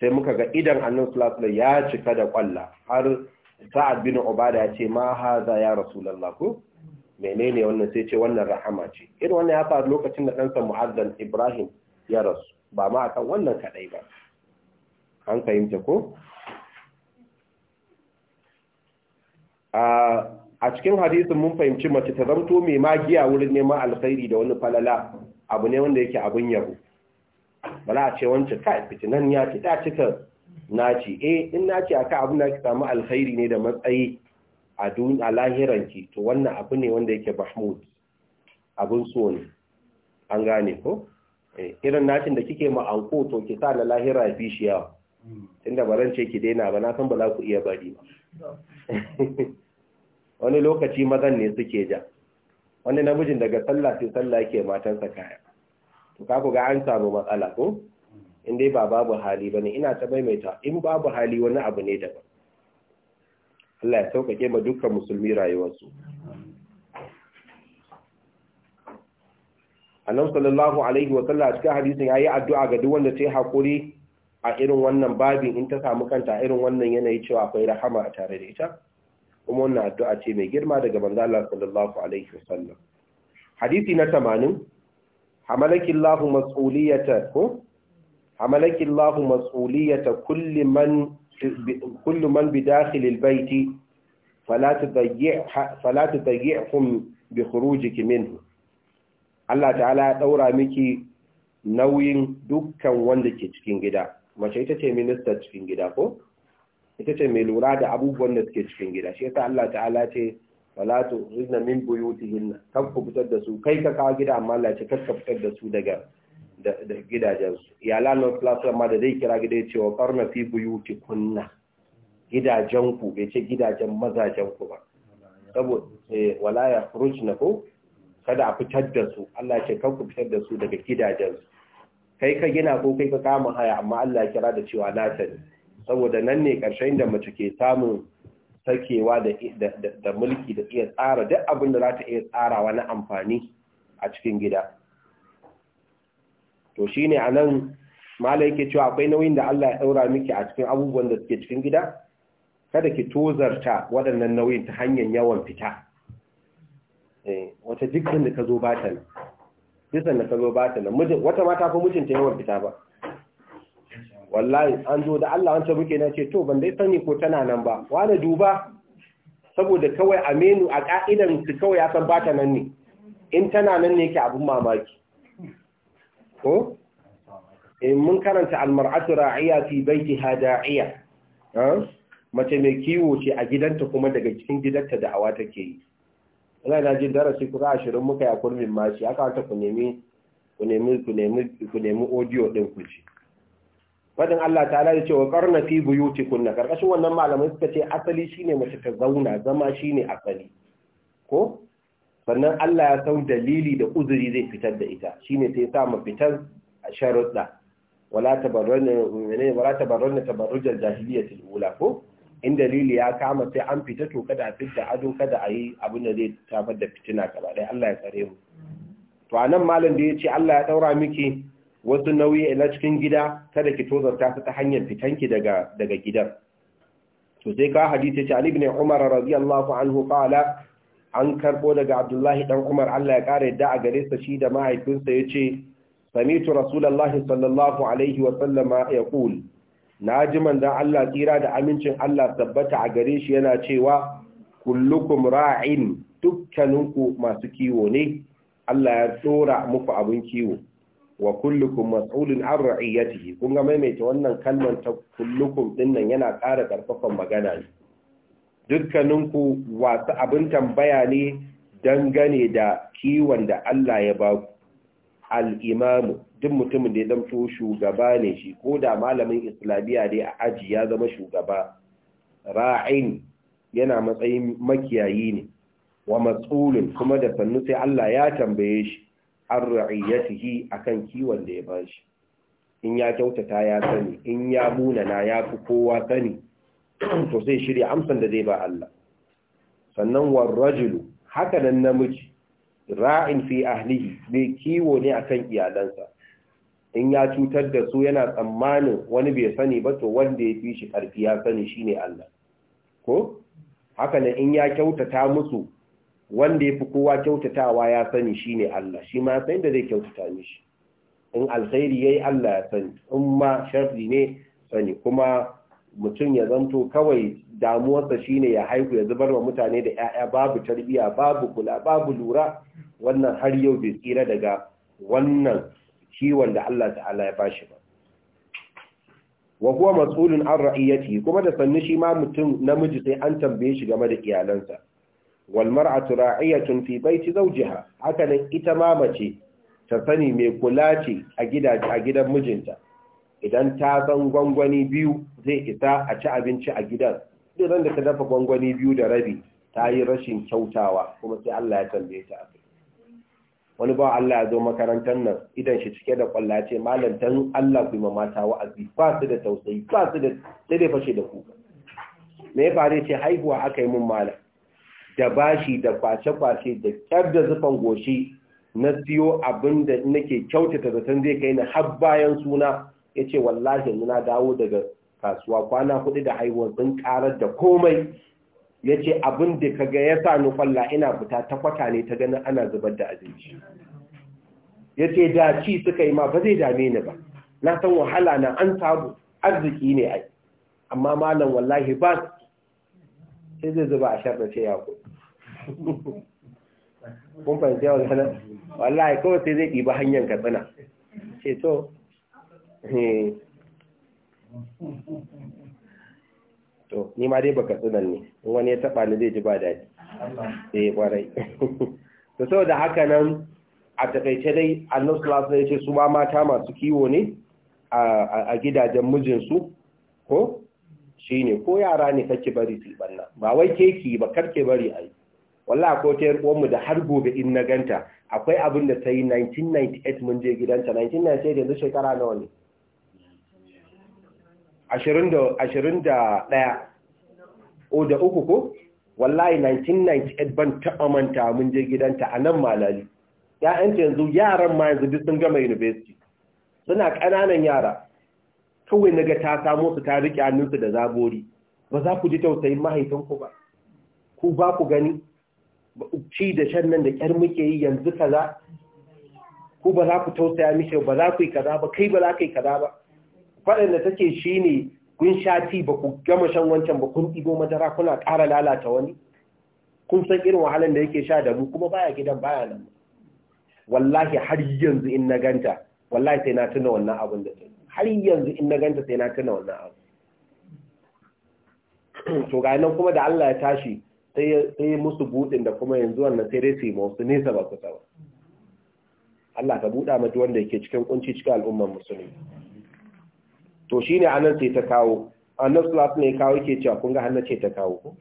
sai muka ga idan annan sulasula ya cika da kwalla har sa'ad bin obada ya ce ma haza ya rasulallah ko menene wannan sai ce wannan rahama ce irin wannan ya faru lokacin da ɗansa mu'azzan ibrahim ya rasu ba ma akan wannan kaɗai ba an fahimta ko a cikin hadisin mun fahimci mace ta zamto mai magiya wurin neman alkhairi da wani falala abu ne wanda yake abin yabo ba za a ce wancan kai fitinan ya ci ta cika naci eh in naci aka abin da ki samu alkhairi ne da matsayi a duniya lahiranki to wannan abu ne wanda yake mahmud abun so ne an gane ko eh, irin nacin da kike ma anko to ki sa na lahira fi shi yawa tunda ba zan ce ki daina ba na san ba za ku iya bari ba wani lokaci mazan ne suke ja wani namijin daga sallah sai sallah yake matansa kaya to ka ga an samu matsala ko in dai ba babu hali bane ina ta maimaita in babu hali wani abu ne daban Allah ya sauƙaƙe ma dukkan musulmi rayuwarsu annabi sallallahu alaihi wa sallam a cikin hadisin yi addu'a ga duk wanda ta yi hakuri a irin wannan babin in ta samu kanta a irin wannan yanayi cewa akwai rahama a tare da ita kuma wannan addu'a ce mai girma daga manzo Allah sallallahu alaihi wa sallam hadisi na 80 hamalakillahu mas'uliyata ko hamalakillahu mas'uliyata kulli man kullu man bi dakhil albayt fala tudayyi'ha fala tudayyi'hum bi khurujiki minhu Allah ta'ala ya daura miki nauyin dukkan wanda ke cikin gida mace ita ce minista cikin gida ko ita ce mai lura da abubuwan da suke cikin gida shi yasa Allah ta'ala ce wala to rizna min buyutihin kan ku fitar da su kai ka kawo gida amma Allah ce kar ka fitar da su daga da gidajen su iyala no plus amma da dai kira gida yace ce wa qarna fi kunna, gidajen ku bai ce gidajen mazajen ku ba saboda eh, wala ya khurujna ku? kada a fitar da su Allah ce kan ku fitar da su daga gidajen su kai ka gina ko kai ka kama haya amma Allah ya kira da cewa na sani saboda nan ne karshen da mace ke samun sakewa da mulki da iya tsara duk abin da za ta iya tsarawa na amfani a cikin gida to shine a nan mala yake cewa akwai nauyin da Allah ya ɗaura miki a cikin abubuwan da suke cikin gida kada ki tozarta waɗannan nauyin ta hanyar yawan fita eh, wata dukkan da ka zo ba ta dukkan da ka zo ba wata mata ko mijinta yawan fita ba wallahi an zo da Allah wancan muke na ce to ban dai sani ko tana nan ba wani duba saboda kawai a menu a ka'idan su kawai ya san ba ta nan ne in tana nan ne yake abun mamaki ko in eh, mun karanta almar'atu ra'iya fi baitiha da'iya mace mai kiwo ce a gidanta kuma daga cikin gidanta da awa take yi ina da jin darasi a ashirin muka ya kurmin mashi ya kawata ku nemi audio din ku ci fadin Allah ta'ala ya ce wa karna fi kunna karkashin wannan malamai suka ce asali shi ne mace ta zauna zama shi ne asali ko sannan Allah ya san dalili da uzuri zai fitar da ita shi ne sai yi sa mafitar fitar sharuɗa wala tabarrana na wala tabarrana jahiliya ta lula ko in dalili ya kama sai an fita to kada a fita adon kada a yi abin da zai tafar da fitina gaba ɗaya Allah ya tsare mu to anan malam da ya ce Allah ya daura miki wasu nauyi na cikin gida kada ki tozarta su ta hanyar fitanki daga daga gidan to sai ka hadisi ce Ali ibn Umar radiyallahu anhu qala an karbo daga Abdullahi dan Umar Allah ya kare da a gare sa shi da mahaifinsa yace samitu rasulullahi sallallahu alaihi wa sallama yaqul naji manzon Allah tsira da amincin Allah tabbata a gare shi yana cewa kullukum ra'in dukkaninku masu kiwo ne Allah ya tsora muku abin kiwo wa kullukum mas'ulun an ra'iyatihi kun ga maimaita wannan kalman ta kullukum nan yana ƙara ƙarfafan magana ne dukkaninku wasu abin tambaya ne dangane da kiwon da Allah ya ba ku al-imamu duk mutumin da ya zamto shugaba ne shi ko da malamin islamiyya dai a aji ya zama shugaba ra'in yana matsayin makiyayi ne wa mas'ulun kuma da sannu sai Allah ya tambaye shi an a akan kiwon da ya bashi in ya kyautata ya sani in ya munana ya fi kowa sani to sai shirya amsan da zai ba Allah sannan warrajulu haka nan namiji ra'in fi ahlihi bai kiwo ne kan iyalansa in ya cutar da su yana tsammanin wani bai sani ba to wanda ya fi shi karfi ya sani shine Allah ko haka nan in ya kyautata musu wanda ya fi kowa kyautatawa ya sani shi ne Allah shi ma sai da zai kyautata mishi in alkhairi ya yi Allah ya sani in ma shafi ne sani kuma mutum ya zanto kawai damuwarsa shi ne ya haihu ya zubar wa mutane da 'ya'ya babu tarbiyya babu kula babu lura wannan har yau bai tsira daga wannan kiwon da Allah ta'ala ya bashi ba wa kuwa mas'ulun an ra'iyati kuma da sannu shi ma mutum namiji sai an tambaye shi game da iyalansa wal mar'atu ra'iyatun fi zaujiha zawjiha haka nan ita ma mace ta sani mai kula ce a gidan mijinta idan ta san gwangwani biyu zai isa a ci abinci a gidan idan da ta dafa gwangwani biyu da rabi ta yi rashin kyautawa kuma sai Allah ya tambaye ta wani ba Allah ya zo makarantar nan idan shi cike da kwalla ce malam dan Allah ku ma mata wa'azi ba su da tausayi ba su da sai dai fashe da kuka me ya fare ce haihuwa aka yi mun malam da bashi da kwace-kwace da kyar da zufan goshi na siyo abin da nake kyautata zaton zai kai ni har bayan suna ya ce wallahi nuna dawo daga kasuwa kwana hudu da haihuwar sun karar da komai ya ce abin da kaga ya sa ni kwalla ina fita ta kwata ne ta ganin ana zubar da abinci ya ce da ci suka yi ma ba zai dame ni ba na san wahala na an samu arziki ne ai amma malam wallahi ba sai zai zuba a ce ya ku kun fahimci yawon sana wallahi kawai sai zai ɗiba hanyar katsina ce to eh. to ni ma dai ba katsinan ne wani ya taɓa ni zai ji ba daɗi eh kwarai to da haka nan a taƙaice dai Annus sallallahu ya ce su ma mata masu kiwo ne a gidajen mijinsu ko Shi ne ko yara ne kake bari su banna ba wai keki ba karke bari yi wallah ko ta mu da har gobe in na ganta akwai abin da ta yi 1998 mun je gidanta 1998 yanzu shekara nawa ne 21 o da uku ko wallahi 1998 ban taɓa manta mun je gidanta a nan malali ya'yanta yanzu yaran ma yanzu duk sun gama university suna ƙananan yara kawai naga ta samo su ta rike hannunsu da zabori ba za ku ji tausayin mahaifinku ba ku ba ku gani ci da shan nan da kyar muke yi yanzu kaza ku ba za ku tausaya mishi ba za ku yi kaza ba kai ba za ka yi kaza ba faɗin da take shi ne kun sha ti ba ku gama shan wancan ba kun ɗigo madara kuna ƙara lalata wani kun san irin wahalan da yake sha da mu kuma baya gidan baya nan wallahi har yanzu in na ganta wallahi sai na tuna wannan abin da ta yi har yanzu in na ganta sai na tuna wannan abu to ga nan kuma da Allah ya tashi sai musu budin da kuma yanzu wannan sai dai sai musu nesa ba kusa ba Allah ta buda mata wanda yake cikin kunci cikin al'ummar musulmi to shine anan sai ta kawo annabi sallallahu alaihi ya kawo yake cewa kun ga hannu ce ta kawo ko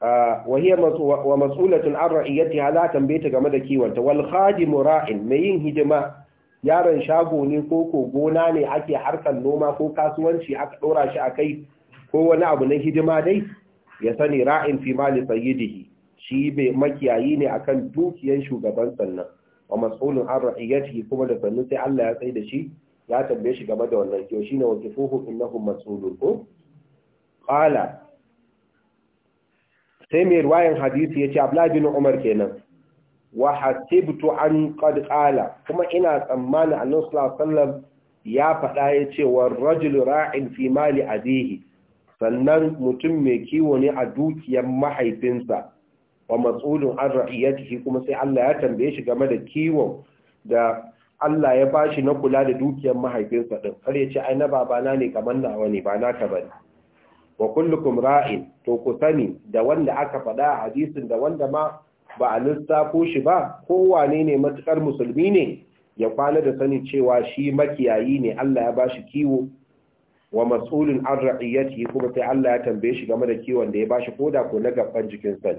wa masulatu ar رعيتها hada تنبيت game da kiwanta wal khadimu ra'in mai yin hidima yaron shago ne ko ko gona ne ake harkar noma ko kasuwanci aka ɗora shi a kai ko wani abu na hidima dai ya sani ra'in fi mali sayyidihi shi bai makiyayi ne akan dukiyan shugaban sannan wa mas'ulun an ra'iyatihi kuma da sannu sai Allah ya tsai da shi ya tambaye shi game da wannan kiyo shine kifuhu innahum mas'ulun ko qala sai mai ruwayan hadisi yace Abdullah bin Umar kenan wa hasibtu an qad qala kuma ina tsammanin annabi sallallahu alaihi wasallam ya faɗa ya ce rajul ra'in fi mali abihi sannan mutum mai kiwo ne a dukiyar mahaifinsa wa matsulun an ra'iyatihi kuma sai Allah ya tambaye shi game da kiwon da Allah ya bashi na kula da dukiyar mahaifinsa din har ya ce ai na babana ne kamar nawa ne ba naka bane wa kullukum ra'in to ku sani da wanda aka faɗa a hadisin da wanda ma ba a lissafo shi ba kowane ne matukar musulmi ne ya kwana da sanin cewa shi makiyayi ne Allah ya bashi kiwo wa mas'ulun an ra'iyati kuma sai Allah ya tambaye shi game da kiwon da ya bashi koda ko na gaban jikin sa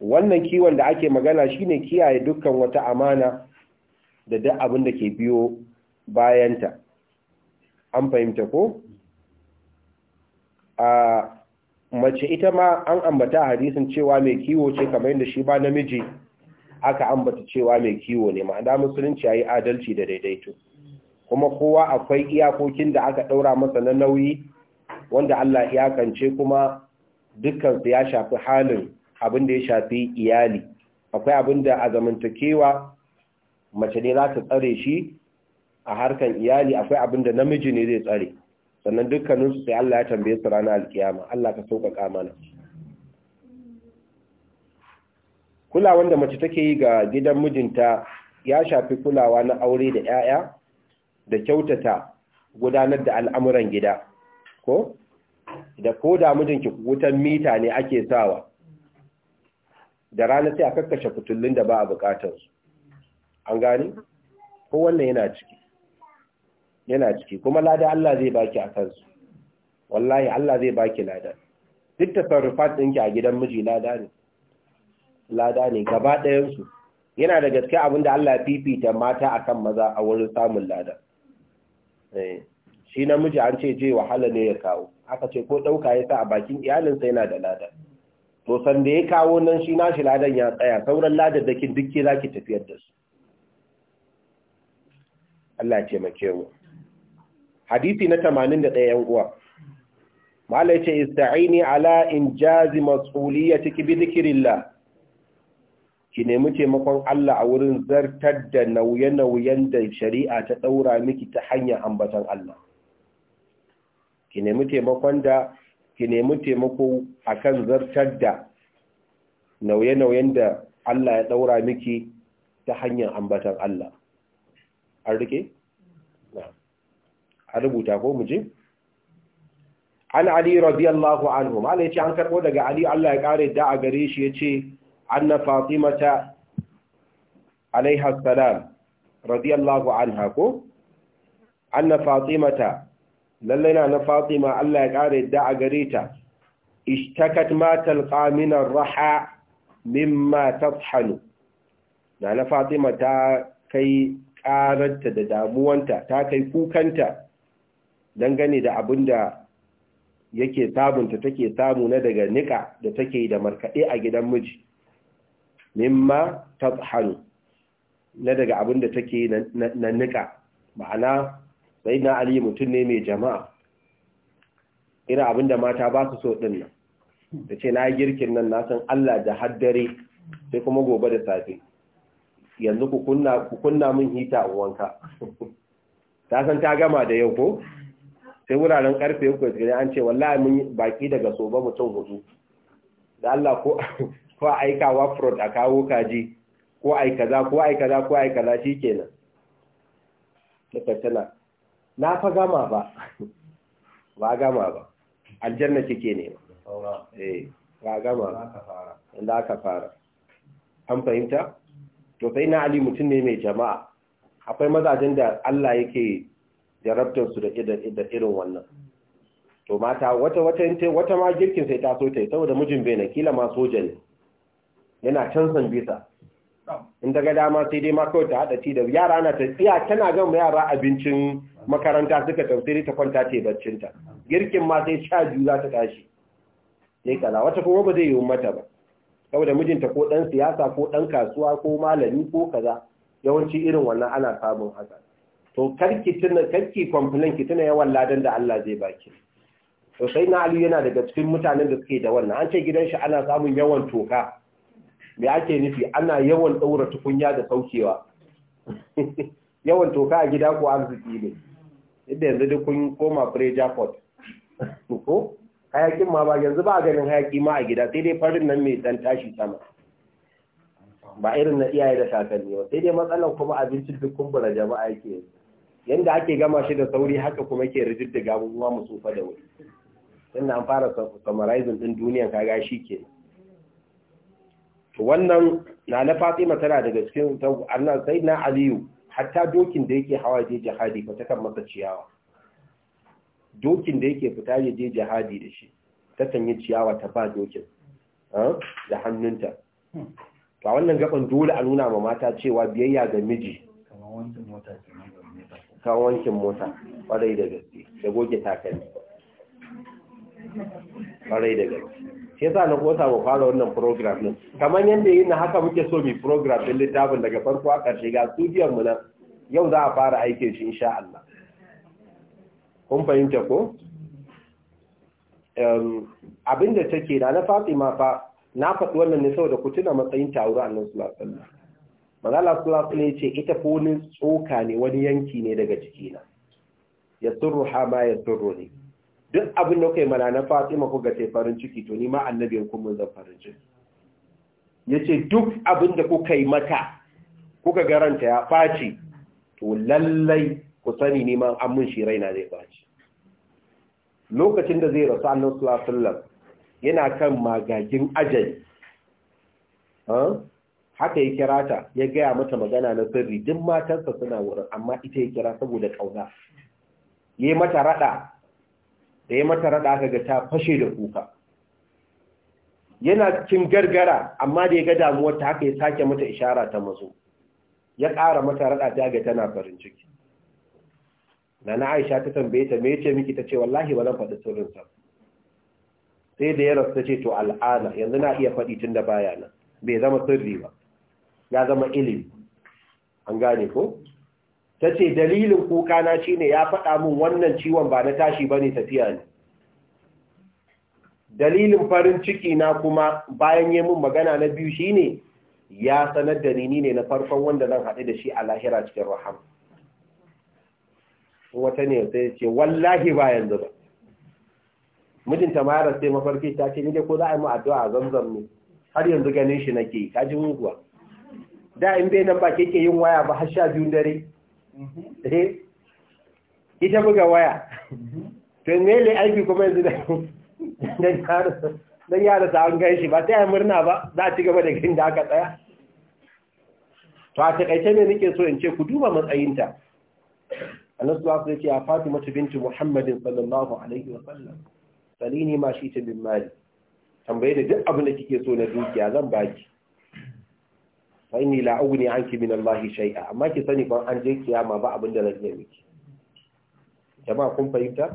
wannan kiwon da ake magana shine kiyaye dukkan wata amana da duk abin da ke biyo bayanta an fahimta ko a mace ita ma an ambata a hadisin cewa mai kiwo ce kamar yadda shi ba namiji aka ambata cewa mai kiwo ne ma'ana musulunci yayi adalci da daidaito kuma kowa akwai iyakokin da aka daura masa na nauyi wanda Allah ya kance kuma dukkan su ya shafi halin abin da ya shafi iyali akwai abin da a zamantakewa mace ne za ta tsare shi a harkan iyali akwai abin da namiji ne zai tsare sannan dukkaninsu sai Allah ya tambaye su ranar alkiyama Allah ka sauƙaƙa mana kulawan da mace take yi ga gidan mijinta ya shafi kulawa na aure da 'ya'ya da kyautata gudanar da al'amuran gida ko da ko da mijinki wutan mita ne ake sawa da rana sai a kakkashe fitullun da ba a bukatarsu an gani ko wannan yana ciki yana ciki kuma lada Allah zai baki a kansu wallahi Allah zai baki lada duk tasarrufat ɗinki a gidan miji lada ne lada ne gaba ɗayansu yana da gaske abin da Allah fifita mata akan maza a wurin samun lada eh, shi namiji an ce je wahala ne ya kawo aka ce ko ɗauka ya sa a bakin iyalinsa yana da lada to san da ya kawo nan shi nashi ladan ya tsaya sauran ladadakin duk ke za ki tafiyar da su Allah ce taimake mu hadisi na 81 yan uwa malai ce ista'ini ala in jazi ya ciki bi dhikrillah ki nemi taimakon Allah a wurin zartar da nauye-nauyen da shari'a ta daura miki ta hanyar ambatan Allah ki nemi taimakon da ki nemi taimako akan zartar da nauye-nauyen da Allah ya daura miki ta hanyar ambatan Allah an rike a rubuta ko muje an ali radiyallahu anhu malai ce an karbo daga ali Allah ya kare da a gare shi yace anna ta alaiha salam radiyallahu anha ko anna ta lalle na na fatima Allah ya kare da a gare ta ishtakat ma talqa raha mimma tafhanu na na fatima ta kai karanta da damuwanta ta kai kukanta dangane da abin da yake sabunta take samu na daga nika da take da markaɗe a gidan miji mimma hannu na daga abin da take na nika ma'ana sai na ali mutum ne mai jama'a irin abin da mata ba su so ɗin nan da ce na girkin nan na san Allah da haddare sai kuma gobe da safe yanzu ku kunna min hita a wanka ta san ta gama da yau ko sai wuraren karfe uku gani an ce wallahi mun baki daga soba mutum hudu da Allah ko ko aikawa fraud a kawo kaji ko ai kaza ko ai kaza ko ai kaza shikenan da tana na fa gama ba ba gama ba aljanna kike ne eh ba gama ba inda aka fara an fahimta to sai na ali mutum ne mai jama'a akwai mazajen da Allah yake jarabtarsu da irin wannan to mata wata ma girkin sai ta so ta yi saboda mijin bai na kila ma soja ne yana can san bisa in daga dama sai dai ma kawai ta haɗa ci yara na ta tsiya tana gan yara abincin makaranta suka tausiri ta kwanta ce barcinta. girkin ma sai sha biyu za ta tashi sai kaza wata kuma ba zai yi mata ba saboda mijinta ko ɗan siyasa ko ɗan kasuwa ko malami ko kaza yawanci irin wannan ana samun haka to karki tuna karki complain ki tuna yawan ladan da Allah zai baki to sai na Aliyu yana daga cikin mutanen da suke da wannan an ce gidan shi ana samun yawan toka me ake nufi ana yawan daura tukunya da saukewa yawan toka a gida ko arziki ne inda yanzu duk kun koma pressure pot ko hayakin ma ba yanzu ba ganin hayaki ma a gida sai dai farin nan mai dan tashi sama ba irin na iyaye da kakanni ba sai dai matsalar kuma abincin duk kumbura jama'a yake yanzu yanda ake gama shi da sauri haka kuma ke da abubuwa mu tsufa da wuri tunda an fara summarizing din duniyan kaga shi ke wannan na na Fatima tana daga cikin annan sai na Aliyu hatta dokin da yake hawa je jihadi ba ta kan masa ciyawa dokin da yake fita ya je jihadi da shi ta kan yi ciyawa ta ba dokin da hannunta to wannan gaban dole a nuna ma mata cewa biyayya ga miji Kan wankin mota kwarai da gaske da goge takalmi kwarai da gaske shi yasa na kosa ba fara wannan program din kamar yadda yin na haka muke so mu program din littafin daga farko a ƙarshe ga studio mu nan yau za a fara aikin shi insha Allah kun fahimta ko abinda take da na Fatima fa na faɗi wannan ne saboda ku tuna matsayin tawuru aure annabi sallallahu alaihi wasallam mazala sulasu ne ce ita wani tsoka ne wani yanki ne daga jikina ya surru hama ya surru ne duk abin da kai mana na fati mako ga ce farin ciki to ni ma annabiyan kuma zan farin ciki Ya ce duk abin da kuka yi mata kuka garanta ya faci to lallai ku sani neman an mun shi raina zai faci lokacin da zai rasu a sallallahu yana kan magagin ajali haka ya kira ta ya gaya mata magana na sirri duk matarsa suna wurin amma ita ya kira saboda ƙauna ya yi mata raɗa da ya mata raɗa ga ta fashe da kuka yana cikin gargara amma da ya ga damuwar ta haka ya sake mata ishara ta mazo ya ƙara mata raɗa ta ga tana farin ciki nana aisha ta tambaye ta me ce miki ta ce wallahi ba zan faɗi sirrinsa sai da ya rasu ta ce to al'ada, yanzu na iya faɗi tun da baya nan bai zama sirri ba ya zama ilimi an gane ko ta ce dalilin kuka na ne ya faɗa min wannan ciwon ba na tashi ba ne tafiya ne dalilin farin ciki na kuma bayan yi min magana na biyu shi ne ya sanar da ni ne na farkon wanda zan haɗu da shi a lahira cikin rahama wata ne sai ce wallahi ba yanzu ba mijinta ta sai mafarki ta ce ni dai ko za a yi mu addu'a a zamzam ne har yanzu ganin shi nake ka ji muguwa da in bai nan ba ke ke yin waya ba har sha biyun dare mhm. eh? ita buga waya mhm. to mele aiki kuma yanzu da yara sa an gaishe ba ta yi murna ba za a ci gaba da gani da aka tsaya to a takaice ne nake so in ce ku duba matsayinta Allah su wa ta'ala ya Fatima binti Muhammadin sallallahu alaihi wa sallam salini ma shi ta bin mali tambaye da duk abin da kike so na dukiya zan baki fa inni la ugni anki min Allah shay'a amma ki sani ban an je kiyama ba abin da zan yi miki jama'a kun fahimta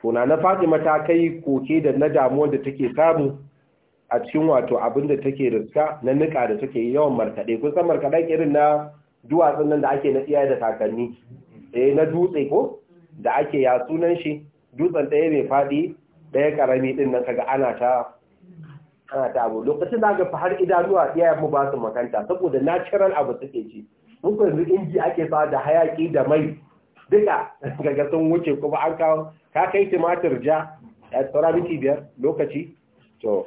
to na na Fatima ta kai koke da na damuwar da take samu a cikin wato abin da take riska na nika da take yawan markade kun san markade irin na duwatsun nan da ake na iyaye da kakanni eh na dutse ko da ake ya sunan shi dutsen ɗaya mai faɗi ɗaya ƙarami ɗin nan kaga ana ta Ana abu lokacin da ga har idanuwa iya mu ba su makanta saboda natural abu take ci muku yanzu inji ake sa da hayaki da mai duka daga sun wuce kuma an kawo ka kai tumatir ja a tsara miki biyar lokaci to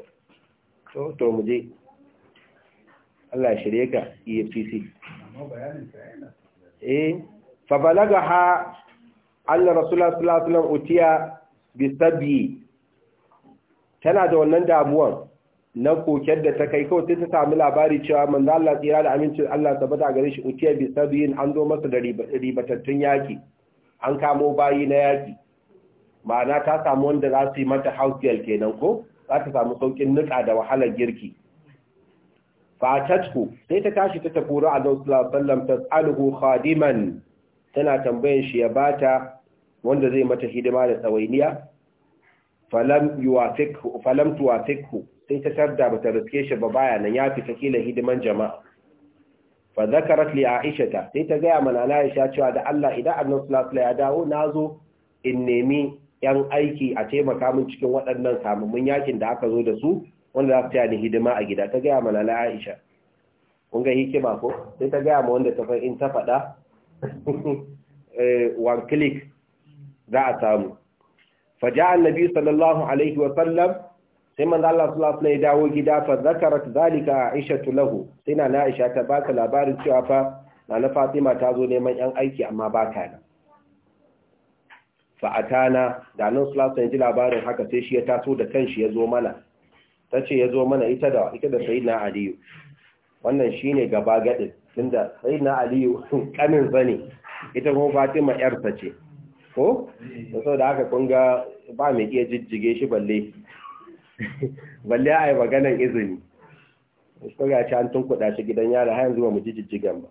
to to mu je Allah shirye ka EFCC eh fa balagaha Allah rasulullah sallallahu alaihi wasallam utiya sabbi tana da wannan damuwan na kokar da ta kai kawai sai ta sami labari cewa manzo Allah tsira da amincin Allah tabbata gare shi utiya bi sabiyin an zo masa da ribatattun yaki an kamo bayi na yaki ma'ana ta samu wanda za su yi mata Hausiyar kenan ko za ta samu saukin nika da wahalar girki fatatku sai ta tashi ta tafi ru'a Allah sallallahu alaihi wasallam khadiman tana tambayan shi ya bata wanda zai mata hidima da tsawainiya falam sai ta tarda ta riske shi ba baya nan ya fita kila hidiman jama'a fa zakarat li aisha ta sai ta gaya mana na aisha cewa da Allah idan annabi sallallahu alaihi ya dawo nazo in nemi yan aiki a taimaka min cikin waɗannan samun yakin da aka zo da su wanda za su taya ni hidima a gida ta gaya mana na aisha kun ga hikima ko sai ta gaya ma wanda ta fa in ta faɗa eh, one click za a samu ja'a annabi sallallahu alaihi wa sai manzo Allah sallallahu alaihi ya dawo gida fa zakarat zalika Aisha lahu sai na Aisha ta baka labarin cewa fa na Fatima ta zo neman yan aiki amma ba ta nan fa atana da nan sallallahu alaihi ji labarin haka sai shi ya taso da kanshi ya zo mana tace ya zo mana ita da ita da Sayyidina Aliyu wannan shine gaba gadin tunda Sayyidina Aliyu kanin zane ita kuma Fatima yarsa ce ko saboda haka kun ba mai iya jijjige shi balle balle a yi maganan izini ko ga shi an tunkuɗa shi gidan yara har yanzu ba mu ji jijjigan ba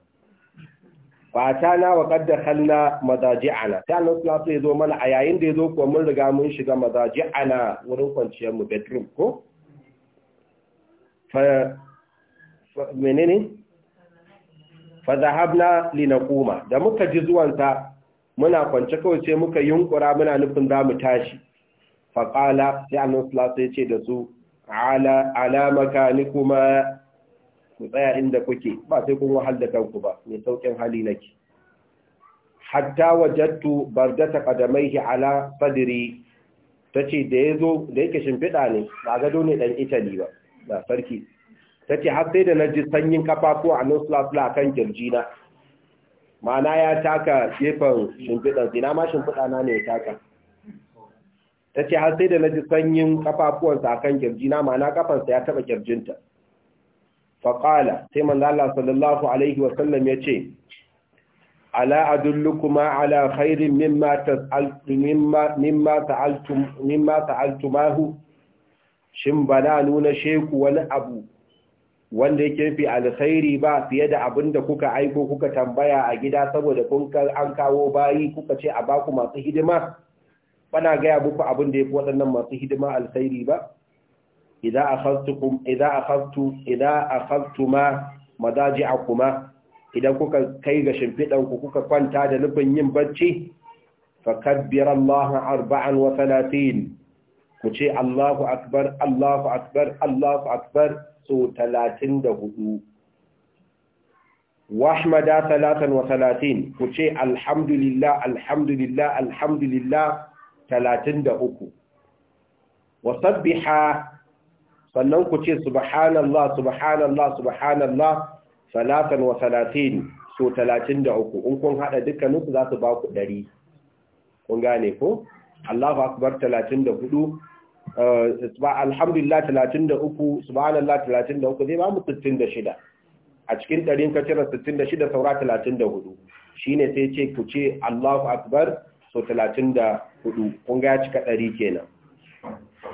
fata na wa kaddar halna mazaji'ana ta nan su ya zo mana a yayin da ya zo kuwa mun riga mun shiga mazaji'ana wurin kwanciyar mu bedroom ko? menene? na linakuma da muka ji zuwansa muna kwance kawai ce muka yunkura muna nufin za mu tashi faƙala sai annan sulasa ya ce da su alamaka ni kuma ku tsaya inda kuke ba sai kun wahal da kanku ba mai sauƙin hali nake hatta wajattu bardata qadamaihi ala sadri tace da yazo da yake shimfida ne ba gado ne dan itali ba da sarki tace har sai da na ji sanyin kafafu a nan a kan kirjina ma'ana ya taka gefen shimfidan zina na ma shimfida na ne ya taka ta ce har sai da na ji sanyin kafafuwansa a kan kirjina ma'ana kafansa ya taɓa kirjinta faƙala sai manzo Allah sallallahu alaihi wasallam ya ce ala adullukuma ala khairin mimma tas'altum mimma mimma sa'altum shin bana nuna sheku wani abu wanda yake fi alkhairi ba fiye da abin da kuka aiko kuka tambaya a gida saboda kun an kawo bayi kuka ce a baku masu hidima bana gaya muku abin da ya fi waɗannan masu hidima alkhairi ba idza akhadtukum idza akhadtu idza akhadtuma madaji'akuma idan kuka kai ga shimfidan ku kuka kwanta da nufin yin bacci fakabbir Allah arba'an wa talatin ku ce Allahu akbar Allahu akbar Allahu akbar so 34 wahmada 33 ku ce alhamdulillah alhamdulillah alhamdulillah 33 wasabbiha sannan ku ce subhanallah subhanallah subhanallah salatan wa salatin so 33 in kun hada dukkaninsu za su ba ku 100 kun gane ko Allahu akbar 34 eh, alhamdulillah 33 subhanallah 33 zai ba mu 66 a cikin ɗarin ka cire 66 saura 34 ne sai ce ku ce Allahu akbar so hudu kun ga ya cika ɗari kenan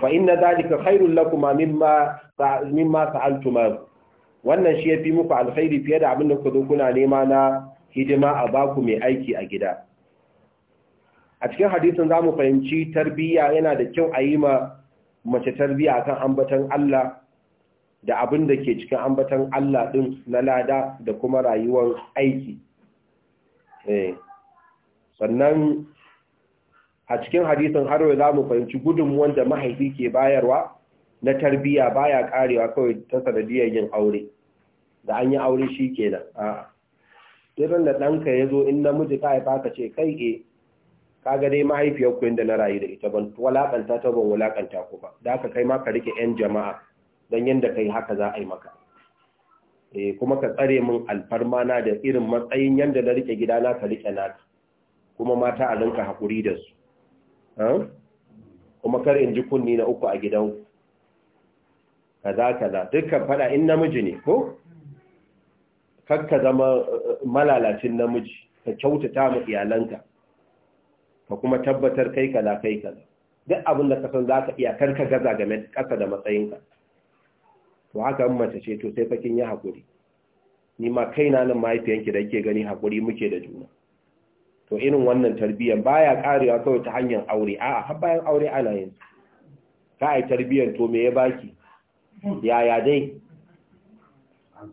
fa inna zalika khairul lakum mimma mimma wannan shi ya fi muku alkhairi fiye da abin da kuka zo kuna nema na hidima a baku mai aiki a gida a cikin hadisin mu fahimci tarbiyya yana da kyau a yi ma mace tarbiyya akan ambatan Allah da abin da ke cikin ambatan Allah ɗin na lada da kuma rayuwar aiki eh, sannan a cikin hadisin har yau za mu fahimci gudunmuwan da mahaifi ke bayarwa na tarbiyya baya karewa kawai ta sanadiyar yin aure da an yi aure shi kenan a'a irin da ɗanka ya zo in namiji ka haifa ka ce kai e ka ga dai mahaifiyar ku inda na rayu da ita ban walakanta ta ban walakanta ku ba da aka kai ma ka rike yan jama'a dan yanda kai haka za a yi maka eh kuma ka tsare min alfarma na da irin matsayin yadda na rike gidana ka rike na kuma mata a rinka hakuri da su kuma kar in ji kunni na uku a gidan kaza kaza dukkan fada in namiji ne ko kakka zama eh, malalacin namiji ka kyautata mu iyalanka ka kuma tabbatar kai kaza kai kaza duk abin da kasan za ka iya karka gaza game kasa da matsayinka to haka in mace ce to sai fakin yi hakuri? ni ma kaina nan mahaifiyanki da ke gani haƙuri muke da juna to irin wannan tarbiyyar baya karewa kawai ta hanyar aure a'a har bayan aure ana yin ka yi tarbiyyar to me ya baki yaya dai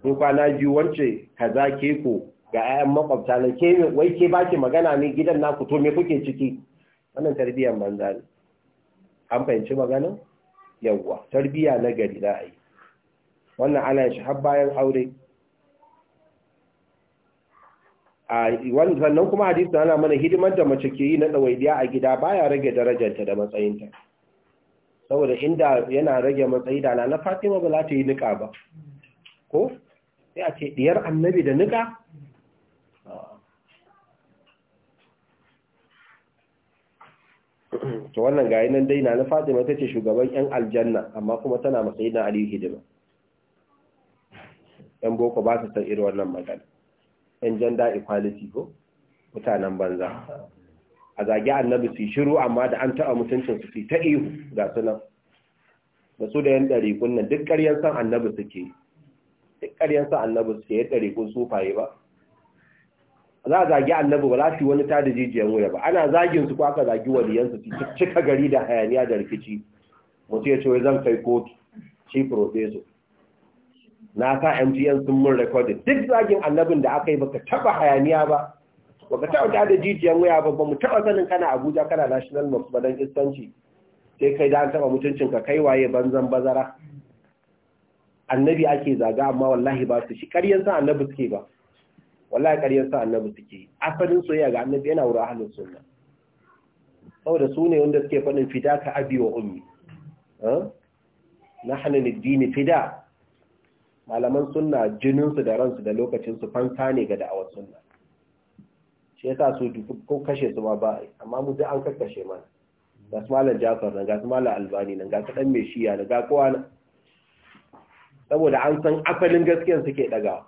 ko kwana biyu wance kaza ke ko ga 'ya'yan makwabta na ke wai ke baki magana ne gidan naku to me kuke ciki wannan tarbiyyar banza ne an fahimci maganin yawwa tarbiyya na gari za a yi wannan ana shi har bayan aure wani sannan kuma hadisi ana mana hidimar da mace ke yi na ɗawaidiya a gida baya rage darajarta da matsayinta saboda inda yana rage matsayi da na fatima ba za ta yi nika ba ko sai a ce ɗiyar annabi da nika to wannan gayi nan dai na fatima ta ce shugaban yan aljanna amma kuma tana matsayi na aliyu hidima yan boko ba su san irin wannan magana ‘yan gender equality ko mutanen banza a zage annabi su shiru amma da an taɓa mutuncin su ta ihu ga sunan da su da yan ɗarikun nan duk ƙaryar san annabi suke duk ƙaryar san annabi suke yan ɗarikun sufaye ba za a zagi annabi ba za su wani tada jijiyan wuya ba ana zagin su ko aka zagi waliyansu su cika gari da hayaniya da rikici mutu ya ce wai zan kai kotu shi profeso na sa MTN sun mun recording duk zagin annabin da aka yi baka taba hayaniya ba baka taba da jijiyan waya ba mu taba sanin kana Abuja kana National Mosque ba dan istanci sai kai da an taba mutuncin ka kai waye banzan bazara annabi ake zaga amma wallahi ba su shi ƙaryan san annabi suke ba wallahi ƙaryan san annabi suke asalin soyayya ga annabi yana wurin ahlus sunna saboda su ne wanda suke faɗin fida ka abi wa ummi nahnu lid din fida malaman sunna jininsu da ransu da lokacinsu fansa ne ga da'awar sunna shi yasa su ko kashe su ma ba amma mu an karkashe mana ga su malam jafar nan ga su malam albani nan ga su dan mai shiya nan ga kowa nan saboda an san asalin gaskiyar suke daga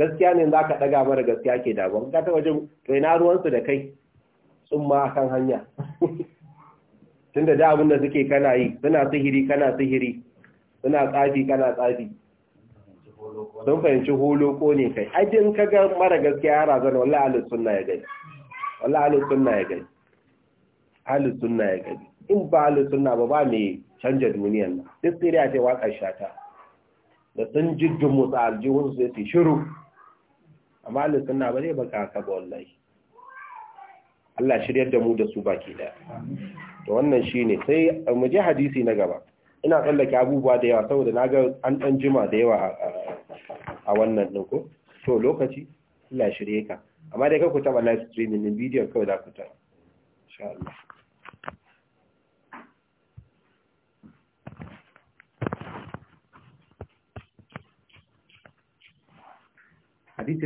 gaskiya ne za ka daga mara gaskiya ke daban ka ta wajen to ruwansu da kai sun ma kan hanya tunda da abin da suke kana yi suna sihiri kana sihiri suna tsafi kana tsafi sun fahimci holoko ne kai ajin ka ga mara gaskiya ya razana wallahi ahlus sunna ya gani wallahi ahlus sunna ya gani ahlus ya gani in ba ahlus sunna ba ba me canja duniyar nan duk sai dai ce waka shata da sun jiddin musu aljihun su sai shiru amma ahlus sunna ba zai baka haka ba wallahi Allah shiryar da mu da su baki daya to wannan shine sai mu je hadisi na gaba ina tsallake abubuwa da yawa saboda na ga an ɗan jima da yawa a wannan ɗin so to lokaci ila shirye ka amma dai ku taɓa live streaming din bidiyon kawai za ku taɓa Allah